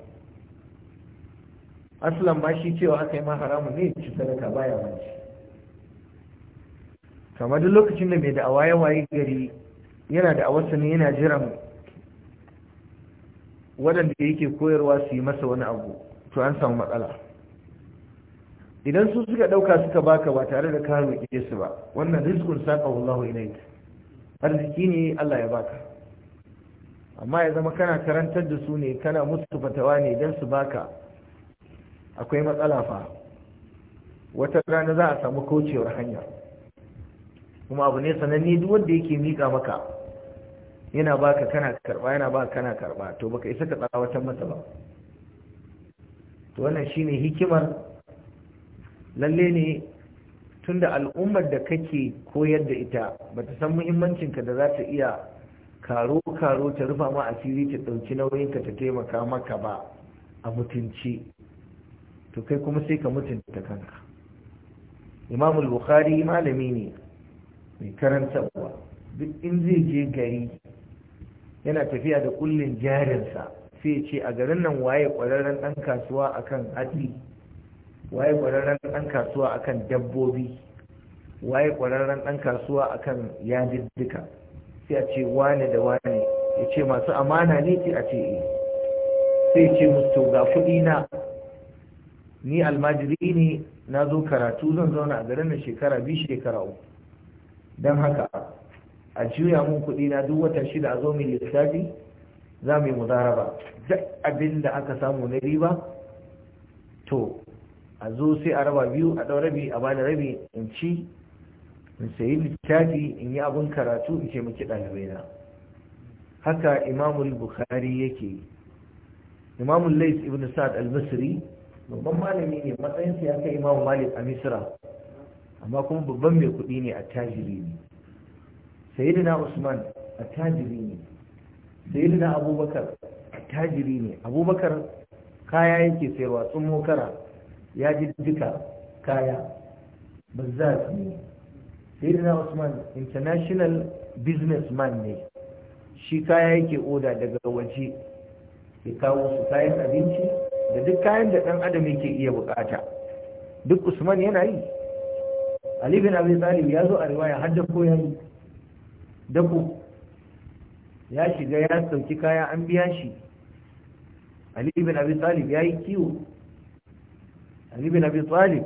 aslan ba shi cewa aka yi ma haramun ne ci sadaka baya ba shi kamar duk lokacin da mai da ya waye gari yana da awarsa ne yana jiran waɗanda yake koyarwa su yi masa wani abu to an samu matsala idan su suka ɗauka suka baka ba tare da ka roƙe su ba wannan rizqun saqahu Allahu ilayk arziki ne Allah ya baka amma ya zama kana karantar da su ne kana musu fatawa ne dan su baka akwai matsala fa wata rana za a samu kaucewar hanya kuma abu ne sananne duk wanda yake mika maka yana baka kana karba yana baka kana karba to baka isa ka tsawatar masa ba to wannan shine hikimar lalle ne tunda al'ummar da kake koyar da ita ba ta san muhimmancin ka da za ta iya karo-karo ta rufa ma asiri ta ɗauki nauyinka ta taimaka maka ba a mutunci to kai kuma sai ka mutunta kanka imam bukhari malami ne mai karantarwa duk in zai je gari yana tafiya da kullin jarinsa sai ce a garin nan waye ƙwararren ɗan kasuwa akan kan waye kwararren ɗan kasuwa akan dabbobi waye kwararren ɗan kasuwa akan yadiddika sai a ce wane da wane ya ce masu amana ne sai a ce e sai ce musu ga kuɗi na ni almajiri ne na zo karatu zan zauna a garin na shekara biyu shekara uku don haka a juya mun kuɗi na duk wata shida a zo mai lissafi za mu yi ba. duk abin da aka samu na riba to a zo sai a raba biyu a ɗau rabi a bani rabi in ci in sayi littafi in yi abin karatu in ce miki ɗalibai na haka imamul bukhari yake imamul lais ibn sa'ad al misri babban malami ne matsayinsa ya kai imamu malik a misra amma kuma babban mai kuɗi ne a tajiri ne sayyidina usman a tajiri ne sayyidina abubakar a tajiri ne abubakar kaya yake sayarwa tsummo kara ya ji duka kaya su ne sirina usman international businessman ne shi kaya yake oda daga waje ya kawo su kayan abinci da duk kayan da ɗan adam yake iya bukata duk usman yana yi ali bin abi talib ya zo a riwaya har da koyan dako ya shiga ya sauki kaya an biya shi ali bin abi talib ya yi kiwo Ali bin Abi Talib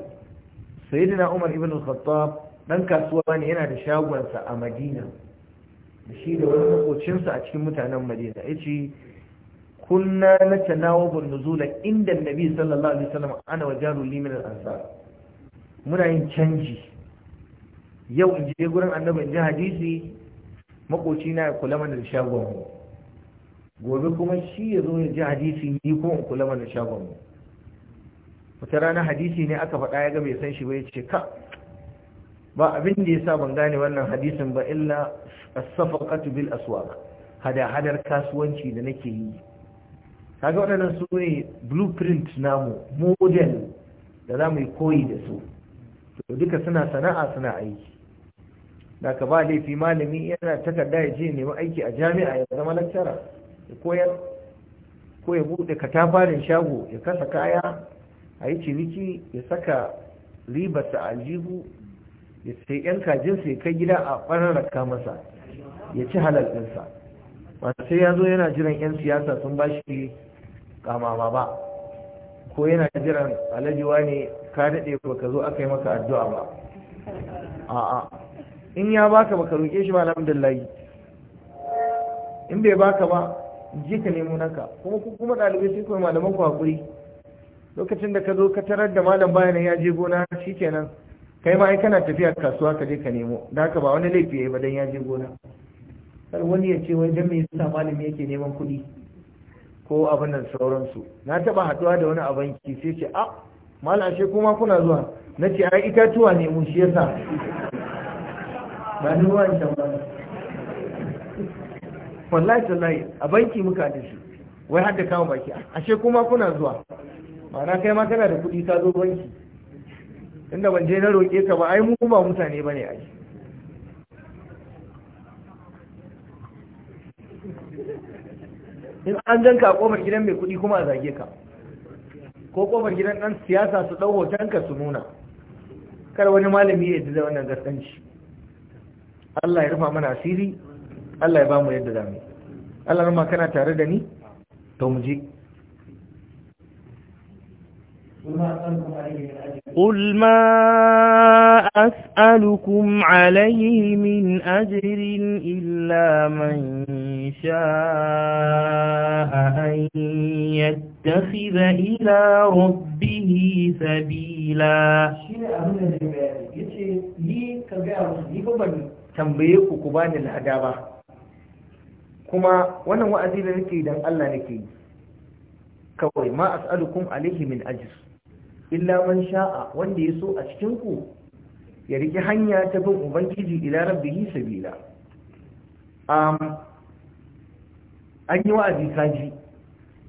sayyidina Umar ibn al-Khattab dan kasuwa ne yana da shagonsa a Madina da shi da wani makocinsa a cikin mutanen Madina yace kunna natanawabu nuzula inda Nabi sallallahu alaihi wasallam ana wajaru limin al-ansar muna yin canji yau in je gurin annabi in ji hadisi makoci na kula mana da shagon mu gobe kuma shi ya zo ya ji hadisi ni ko in kula mana da shagon mu wata rana hadisi ne aka faɗa ya ga bai san shi ba ya ce ka ba abin da ya sa ban gane wannan hadisin ba illa as-safaqatu bil aswaq hada hadar kasuwanci da nake yi kaga waɗannan su ne blueprint namu model da za mu koyi da su to duka suna sana'a suna aiki da ka ba laifi malami yana takarda ya je nemi aiki a jami'a ya zama lakcara ya koyar ko ya buɗe katafarin shago ya kasa kaya a yi ciniki ya saka ribarsa aljihu ya sai yan kajinsa ya kai gida a ɓararraka masa ya ci halal ɗinsa ba sai ya zo yana jiran 'yan siyasa sun ba shi kamama ba ko yana jiran alajiwa ne ka daɗe ba ka zo aka yi maka addu'a ba a'a in ya baka baka roƙe shi ba alhamdulillahi in bai baka ba je ka nemo naka kuma kuma ɗalibai sai kuma malaman ku hakuri lokacin da ka zo ka tarar da malam bayan ya je gona kenan kai ma ai kana tafiya kasuwa ka je ka nemo da haka ba wani laifi yayi ba dan ya je gona sai wani ya ce wai dan me yasa malami yake neman kuɗi ko abin da sauransu na taba haduwa da wani a banki sai ce "Ah, malam ashe kuma kuna zuwa na ce ai itatuwa ne mun shi yasa ba ni ruwan can ba wallahi tallahi a banki muka da shi wai har da kawo baki ashe kuma kuna zuwa Mana kai ma kana da kuɗi ta zo banki inda ban je na roƙe ka ba ai mu ba mutane bane ai in an janka a kofar gidan mai kuɗi kuma a zage ka ko kofar gidan ɗan siyasa su ɗau hotonka su nuna kar wani malami ya da wannan gaskanci Allah ya rufa mana asiri Allah ya ba mu yadda zamu Allah ma kana tare da ni to mu je قل ما أسألكم عليه من أجر إلا من شاء أن يتخذ إلى ربه سبيلا tambaye ku ku bani lada ba kuma wannan wa'azi da nake dan Allah nake kawai ma as'alukum alaihi min ajr illa man sha'a wanda ya so a cikin ku ya riki hanya ta bin ubangiji ila rabbihi sabila um an yi wa'azi kaji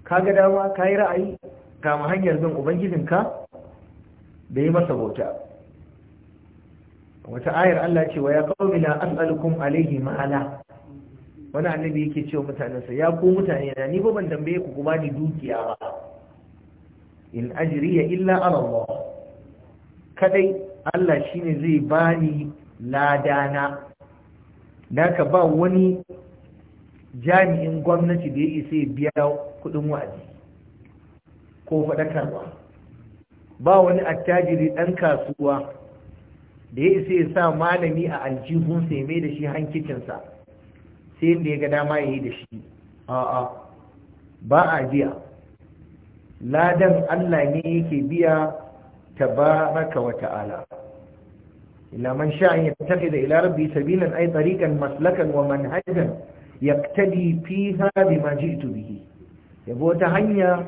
kaga dama kayi ra'ayi kama hanyar bin ka da yi masa bauta wata ayar Allah ce wa ya qawmi la as'alukum alayhi ma'ala wani annabi yake cewa mutanensa ya ku mutane na ni ba ban tambaye ku kuma ni dukiya ba in ajriya illa ala Allah kadai Allah shine zai bani ladana naka ba wani jami'in gwamnati da ya isa ya biya kudin wa'azi ko faɗakarwa ba wani attajiri ɗan kasuwa da ya isa ya sa malami a aljihunsa sai mai da shi hankicinsa sai yadda ya ga dama ya yi da shi a'a ba a biya ladan Allah ne yake biya baraka wa ta'ala ila ya tafi da ila rabbi sabilan ay tariqan maslakan wa manhajan yaqtadi fiha bima ji'tu bihi yabo ta hanya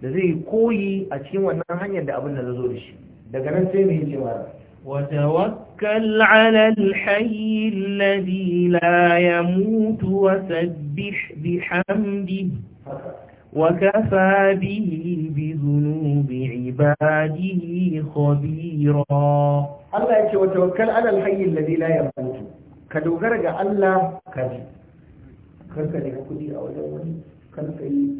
da zai koyi a cikin wannan hanyar da abin da zo da shi daga nan sai mai cewa وتوكل على الحي الذي لا يموت وسبح بحمده وكفى به بذنوب عباده خبيرا الله يكي وتوكل على الحي الذي لا يموت كدوغر ga Allah kaji karka da kudi a wajen wani karka yi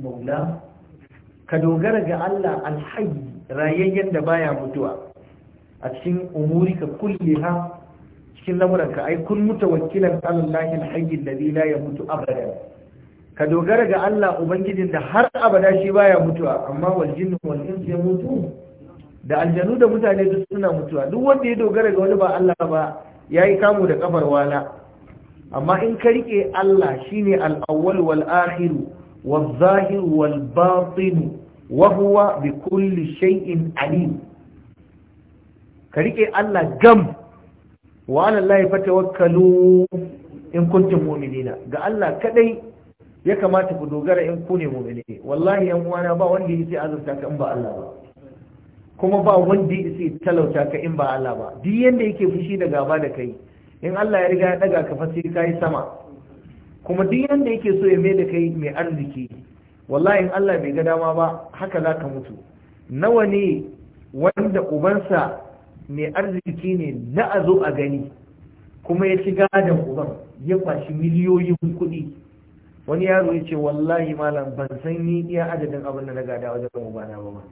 ka dogara ga Allah alhayi rayayyen da baya mutuwa a cikin umurika kulliha cikin lamuranka ai kun mutawakkilan alallahi alhayy alladhi la yamutu abadan ka dogara ga Allah ubangijin da har abada shi baya mutuwa amma wal jinnu wal ya mutu da aljanu da mutane duk suna mutuwa duk wanda ya dogara ga wani ba Allah ba yayi kamu da kafar wala amma in ka rike Allah shine al-awwal wal akhir wal zahir wal batin wa huwa bi kulli shay'in alim ka rike Allah gam wa ala Allah fatawakkalu in kuntum mu'minina ga Allah kadai ya kamata ku dogara in ku ne mu'mini wallahi yan uwana ba wanda yake azurta ka in ba Allah ba kuma ba wanda yake talauta ka in ba Allah ba duk yanda yake fushi da gaba da kai in Allah ya riga ya daga ka fa sai kai sama kuma duk yanda yake so ya mai da kai mai arziki wallahi in Allah bai ga dama ba haka za ka mutu nawa ne wanda ubansa mai arziki ne na a zo a gani kuma ya ci da uban ya kwashi miliyoyin kuɗi wani yaro ya ce wallahi malam ban san ni iya adadin abin da na gada wajen ubana ba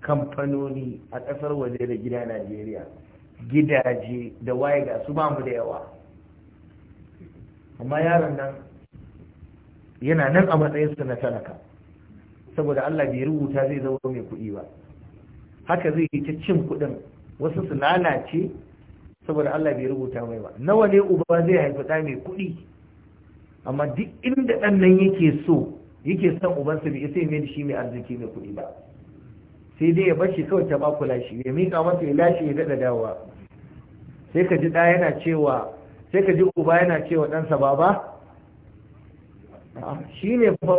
kamfanoni a kasar waje da gida najeriya gidaje da waye ga su ba mu da yawa amma yaron nan yana nan a matsayinsa na talaka saboda allah bai rubuta zai zama mai kuɗi ba haka zai yi ta cin kuɗin wasu su lalace saboda allah bai rubuta mai ba nawa ne uba zai haifi ɗa mai kuɗi amma duk inda ɗan nan yake so yake son ubansa bai isa mai shi mai arziki mai kuɗi ba sai dai ya bashi kawai ta baku lashi ya mika masa ya lashe ya daɗa dawowa sai ka ji ɗa yana cewa sai ka ji uba yana cewa ɗansa baba shi ne fa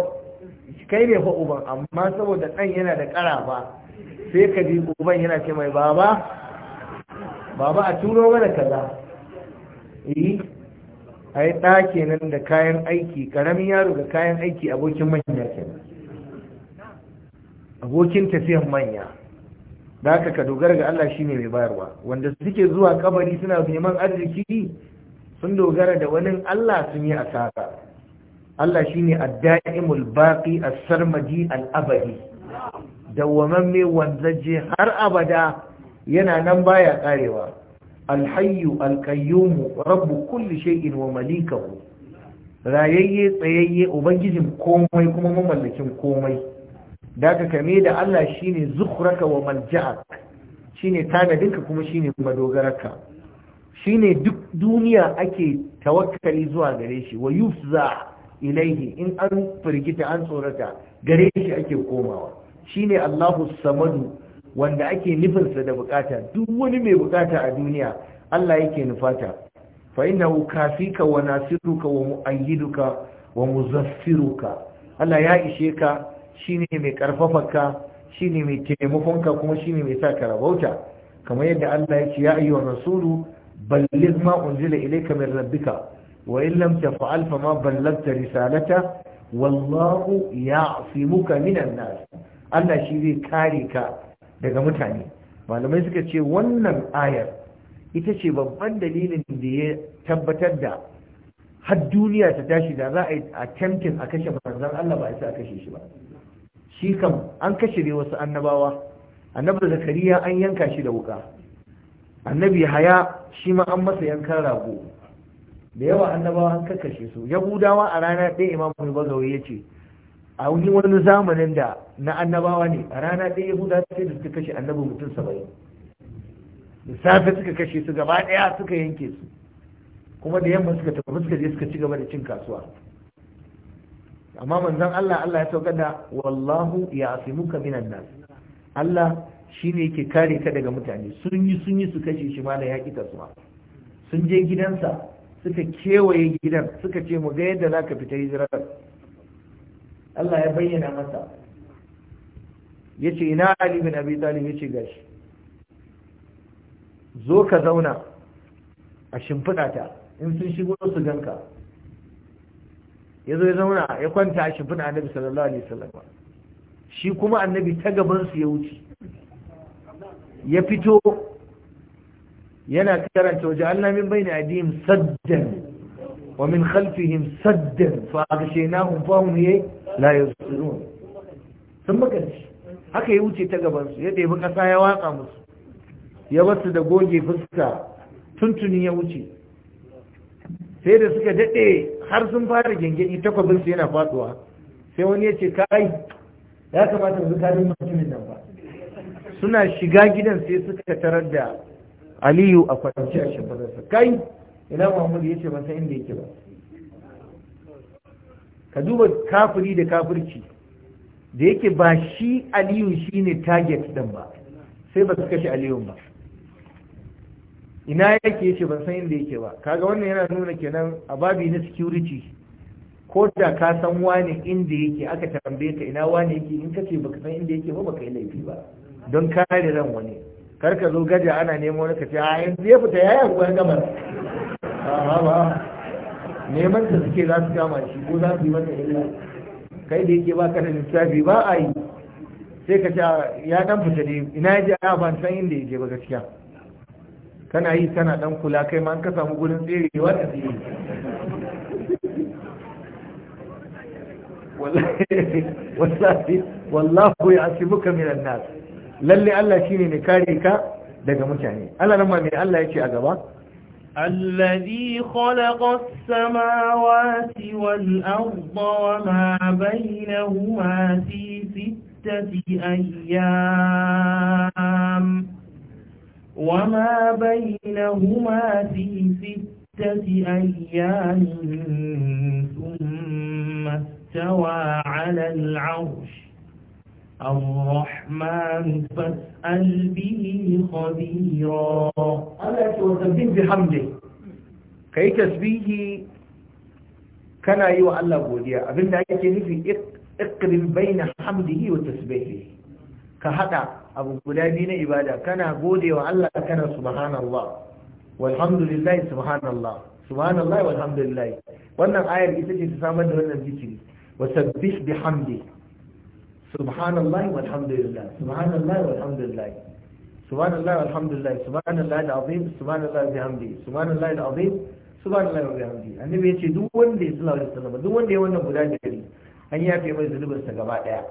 kai ne fa uban amma saboda ɗan yana da ƙara ba sai ka ji uban yana ce mai baba baba a turo mana kaza eh a yi kenan da kayan aiki ƙaramin yaro da kayan aiki abokin manya kenan abokin tafiyan manya da haka ka dogara ga Allah shine mai bayarwa wanda suke zuwa kabari suna neman arziki sun dogara da wani Allah sun yi asara Allah shine ad-da'imul baqi as-sarmadi al-abadi dawwaman mai wanzaje har abada yana nan baya karewa alhayyu alkayyumu rabbu kulli shay'in wa malikahu rayayye tsayayye ubangijin komai kuma mamallakin komai daga kame da Allah shine zukhraka wa malja'ak shine tanadinka kuma shine madogaraka shine duk duniya ake tawakkali zuwa gare shi wa yufza ilaihi in an firgita an tsorata gare shi ake komawa shine Allahu samadu wanda ake nufinsa da bukata duk wani mai bukata a duniya Allah yake nufata fa innahu kafika wa nasiruka wa mu'ayyiduka wa muzaffiruka Allah ya ishe ka shine mai karfafarka shine mai taimakonka kuma shine mai sa ka rabauta kamar yadda Allah yake ya ayyuha rasulu balligh ma unzila ilayka min rabbika wa in lam taf'al fa ma ballagta risalata wallahu ya'simuka minan nas Allah shi zai kare ka daga mutane malamai suka ce wannan ayar ita ce babban dalilin da ya tabbatar da har duniya ta tashi da za a yi attempting a kashe manzan Allah ba isa a kashe shi ba shi kam an kashe ne wasu annabawa annabi zakariya an yanka shi da wuka annabi haya shi ma an masa yankan rago da yawa annabawa an kakkashe su yahudawa a rana ɗaya imamu bagawi ya ce a wani wani zamanin da na annabawa ne a rana ɗaya yahuda sai da suka kashe annabi mutum saba'in da safe suka kashe su gaba ɗaya suka yanke su kuma da yamma suka tafi suka je suka ci gaba da cin kasuwa amma manzon Allah Allah ya saukar da wallahu ya asimuka minan nas Allah shine yake kare ka daga mutane sun yi sun yi su kashe shi ma da yaƙi kasuwa sun je gidansa suka kewaye gidan suka ce mu ga yadda zaka fita hijira Allah ya bayyana masa yace ina Ali bin Abi Talib yace gashi zo ka zauna a shimfiɗa ta in sun shigo su ganka ya zo ya zauna ya kwanta a shimfiɗa annabi sallallahu alaihi wasallam shi kuma annabi ta gaban su ya wuce ya fito yana karanta waje Allah min bayni adim saddan wa min khalfihim saddan fa aghshaynahum fa hum la yusirun sun makanci haka ya wuce ta gabansu ya ɗebi ƙasa ya watsa musu ya basu da goge fuska tuntuni ya wuce sai da suka daɗe har sun fara gengeni su yana faɗuwa sai wani yace, ce kai ya kamata mu zukarin mutumin nan ba suna shiga gidan sai suka tarar da aliyu a kwanci a kai ina mahmud ya ce masa san inda yake ba ka duba kafiri da kafirci da yake ba shi aliyu shi ne target ɗin ba sai ba su kashe aliyun ba ina yake yace ban san inda yake ba kaga wannan yana nuna kenan a babi na security ko da ka san wani inda yake aka tambaye ka ina wani yake in kace baka san inda yake ba baka yi laifi ba don kare ran wani kar ka zo gaja ana nemo wani ka ce a yanzu ya fita yayan [LAUGHS] ba ba. neman ta suke za su kama shi ko za su yi mata illa kai da yake ka da lissafi ba a yi sai ka ce ya dan fita ne ina ya je a ban san inda ya je ba gaskiya kana yi kana dan kula kai ma an ka samu gurin tserewa da tsere wallahi wallahu ya asibuka minan nas lalle Allah shine ne kare ka daga mutane Allah nan ma me Allah yake a gaba الذي خلق السماوات والأرض وما بينهما في ستة أيام وما بينهما في ستة أيام ثم استوى على العرش الرحمن فاسأل به خبيرا ألا تسبح بحمده كي تسبيه كان أيوة الله بوديا أبن دعيك نفي اقرب بين حمده وتسبيحه كهذا أبو قلابين إبادة كان بوديا وعلا كان سبحان الله والحمد لله سبحان الله سبحان الله والحمد لله وأن الآية التي تسامد هنا الذكر وسبح بحمده subhanallah walhamdulillah subhanallah walhamdulillah subhanallah walhamdulillah subhanallah alazim subhanallah bihamdi subhanallah alazim subhanallah bihamdi annabi yace duk wanda ya sallallahu alaihi wasallam duk wanda ya wannan guda biyar an yafe mai zulubarsa gaba daya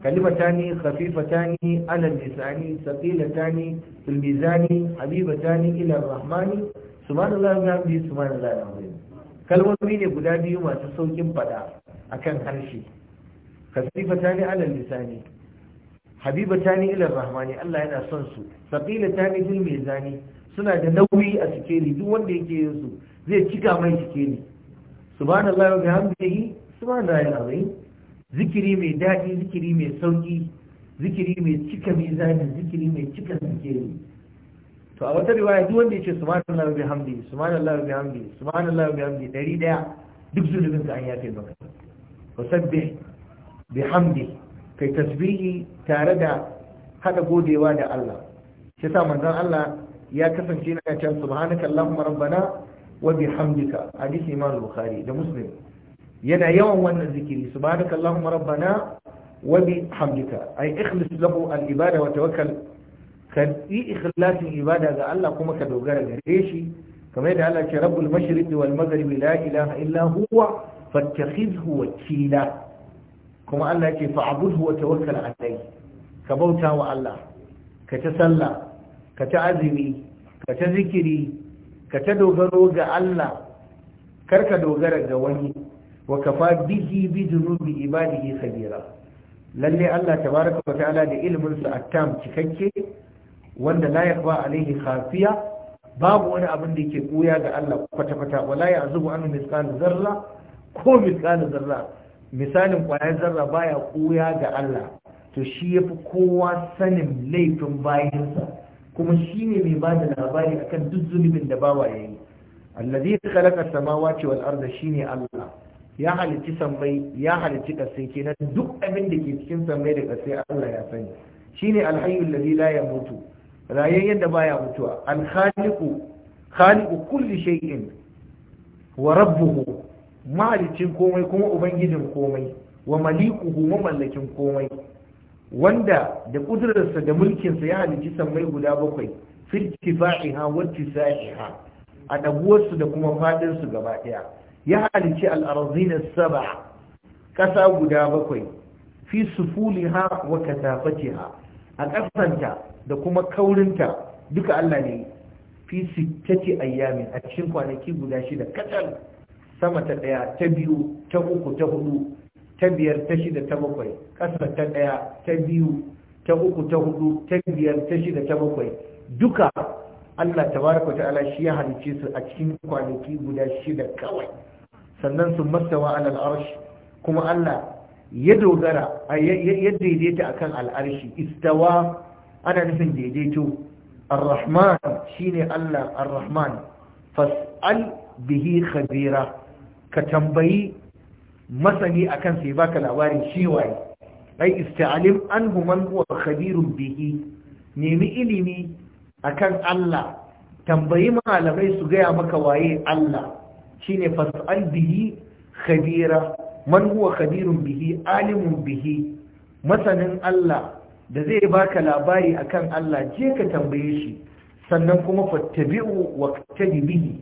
كلمتان خفيفتان على اللسان ثقيلتان في الميزان حبيبتان الى الرحمن سبحان الله Subhanallah سبحان الله العظيم kalmomi ne guda biyu masu saukin fada akan harshe khasifatani ala lisani habibatani ila rahmani Allah yana son su saqilatani fil mizani suna da nauyi a sikeli duk wanda yake yin su zai cika mai sikeli subhanallahi wa bihamdihi subhanallahi alazim zikiri mai daɗi zikiri mai sauki zikiri mai cika mizani zikiri mai cika sikeli to a wata riwaya duk wanda yake subhanallahi wa bihamdihi subhanallahi wa bihamdihi subhanallahi wa bihamdihi 100 duk zulubin ka an yafe maka wasabbih bihamdi kai tasbihi tare da hada godewa da Allah shi sa manzon Allah ya kasance na cewa subhanaka allahumma rabbana wa bihamdika hadisi imam bukhari da muslim yana yawan wannan zikiri subhanaka allahumma rabbana wa bihamdika lahu al-ibada wa tawakkal ka yi ikhlasin ibada ga Allah kuma ka dogara gare shi kamar da Allah ce rabbul mashriqi wal maghribi la ilaha illa huwa fattakhidhu wakila kuma Allah yake fa'budhu wa tawakkal alayhi ka bauta wa Allah ka ta sallah ka ta azumi ka ta zikiri ka ta dogaro ga Allah kar ka dogara ga wani wa kafa bihi bi dhunubi ibadihi khabira lalle Allah tabaraka wa ta'ala da ilmin sa attam cikakke wanda la yakba alaihi khafiya babu wani abin da yake koya ga Allah kwata-kwata wala ya zubu an zarra ko misqal zarra misalin kwayar zarra baya koya ga Allah to shi ya fi kowa sanin laifin bayansa kuma shi ne mai ba da labari kan duk zunubin da bawa ya yi allazi khalaqa samawati wal arda ne Allah ya halicci sammai ya halicci ƙasai kenan duk abin da ke cikin sammai da kasai Allah ya sani Shi ne alhayu ladhi la mutu, rayayyen da baya mutuwa al khaliqu khaliqu kulli shay'in wa rabbuhu mahalicin komai kuma ubangijin komai wa Maliku kuma mallakin komai wanda da kudurarsa da mulkinsa ya halicci sammai guda bakwai firtifa'iha wattisa'iha a ɗaguwarsu da kuma faɗinsu gaba ɗaya ya halicci al'arzina saba ƙasa guda bakwai fi sufuliha wa katafatiha a ƙasanta da kuma kaurinta duka Allah ne fi sittati ayyamin a cikin kwanaki guda shida kacal sama ta ɗaya ta biyu ta uku ta hudu ta biyar ta shida ta bakwai ƙasa ta ɗaya ta biyu ta uku ta hudu ta biyar ta shida ta bakwai duka Allah tabaraka ta'ala shi ya halice su a cikin kwanaki guda shida kawai sannan su masawa alal arshi kuma Allah ya dogara ya daidaita akan al'arshi istawa ana nufin daidaito ar-rahman shine Allah ar-rahman fas'al bihi khabira ka tambayi masani akan sai baka labarin shi waye ai ista'alim anhu man huwa khabirun bihi nemi ilimi akan Allah tambayi malamai su gaya maka waye Allah shine fas'al bihi khabira man huwa khabirun bihi alimun bihi masanin Allah da zai baka labari akan Allah je ka tambaye shi sannan kuma fattabi'u wa bihi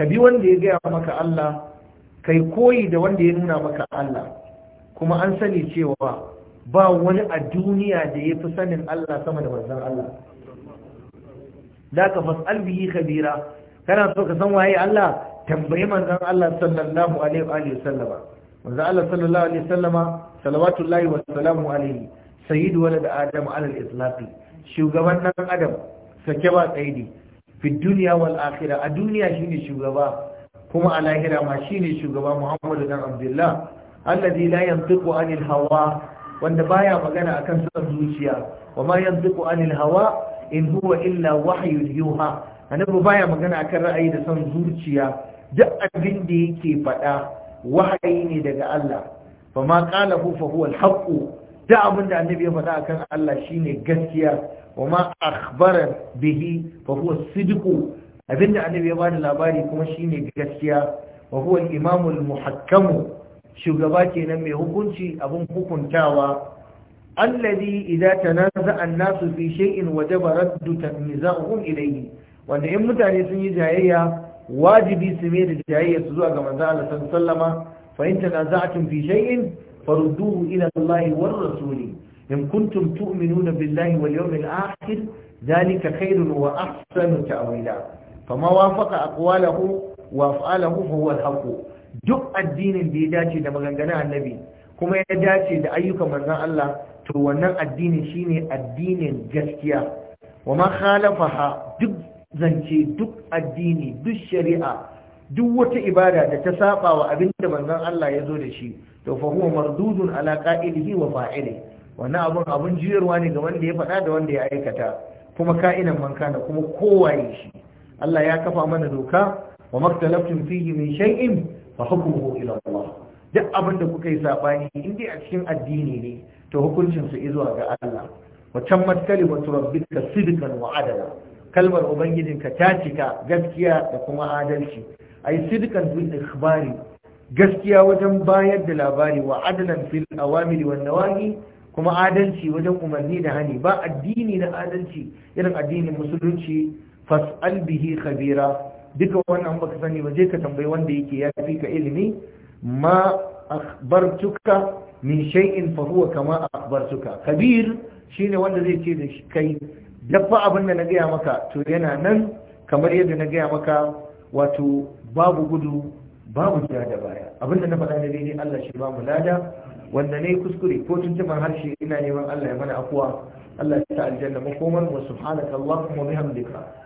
ka bi wanda ya gaya maka Allah kai koyi da wanda ya nuna maka Allah kuma an sani cewa ba wani a duniya da ya fi sanin Allah sama da wanzan Allah da ka fas'al yi kabira kana so ka san waye Allah tambayi manzon Allah sallallahu alaihi wa sallama manzon Allah sallallahu alaihi wa sallama salawatullahi wa salamu alaihi sayyidu walad adam ala al-islaqi shugaban nan adam sake ba tsaidi fi duniya wal akhirah a duniya shine shugaba kuma a lahira ma shine shugaba Muhammadu dan Abdullah alladhi la yantiqu anil hawa wanda baya magana akan son zuciya wa ma yantiqu anil hawa in huwa illa wahyul yuha annabi baya magana akan ra'ayi da son zuciya duk abin da yake faɗa wahayi ne daga Allah fa ma qalahu fa huwa al-haqq abin da annabi ya faɗa akan Allah shine gaskiya wa ma akhbara bihi fa huwa sidqu abinda annabi ya ba da labari kuma shine gaskiya wa huwa al-imamul muhakkamu shugaba kenan mai hukunci abin hukuntawa alladhi idza tanaza'a an-nasu fi shay'in wajaba raddu tanza'uhum ilayhi wanda in mutane sun yi jayayya wajibi su mai da jayayya su zuwa ga manzo Allah sallama fa in tanaza'tum fi shay'in farudduhu ila Allah war rasuli in kuntum tu'minuna billahi wal yawmil akhir dhalika khairun wa ahsanu fama wafaka aqwalahu wa af'alahu huwa al duk addinin da ya dace da maganganun annabi kuma ya dace da ayyukan manzon Allah to wannan addini shine addinin gaskiya wa ma khalafaha duk zance duk addini duk shari'a duk wata ibada da ta saba wa abinda manzon Allah ya zo da shi to fa huwa mardudun ala qa'ilihi wa wannan abun abun jiyarwa ne ga wanda ya faɗa da wanda ya aikata kuma ka'inan man kana kuma kowaye shi Allah ya kafa mana doka wa maktalaftum fihi min shay'in fa hukmuhu ila Allah duk abin da kuka yi sabani in dai a cikin addini ne to hukuncin su izuwa ga Allah wa tammat kalimatu rabbika sidqan wa adala kalmar ubangijinka ta cika gaskiya da kuma adalci ai sidqan bil ikhbari gaskiya wajen bayar da labari wa adalan fil awamiri wan nawahi kuma adalci wajen umarni da hani ba addini na adalci irin addinin musulunci fas'al bihi khabira duka wannan baka sani ba je ka tambayi wanda yake ya fi ka ilimi ma akhbartuka min shay'in fa huwa kama akhbartuka khabir shine wanda zai ce da kai dafa abin da na gaya maka to yana nan kamar yadda na gaya maka wato babu gudu babu ja da baya abin da na faɗa na daidai Allah shi ba mu lada wanda ne kuskure ko tuntuban harshe ina neman Allah ya mana afuwa Allah ya ta aljanna makomar wa subhanaka allahumma bihamdika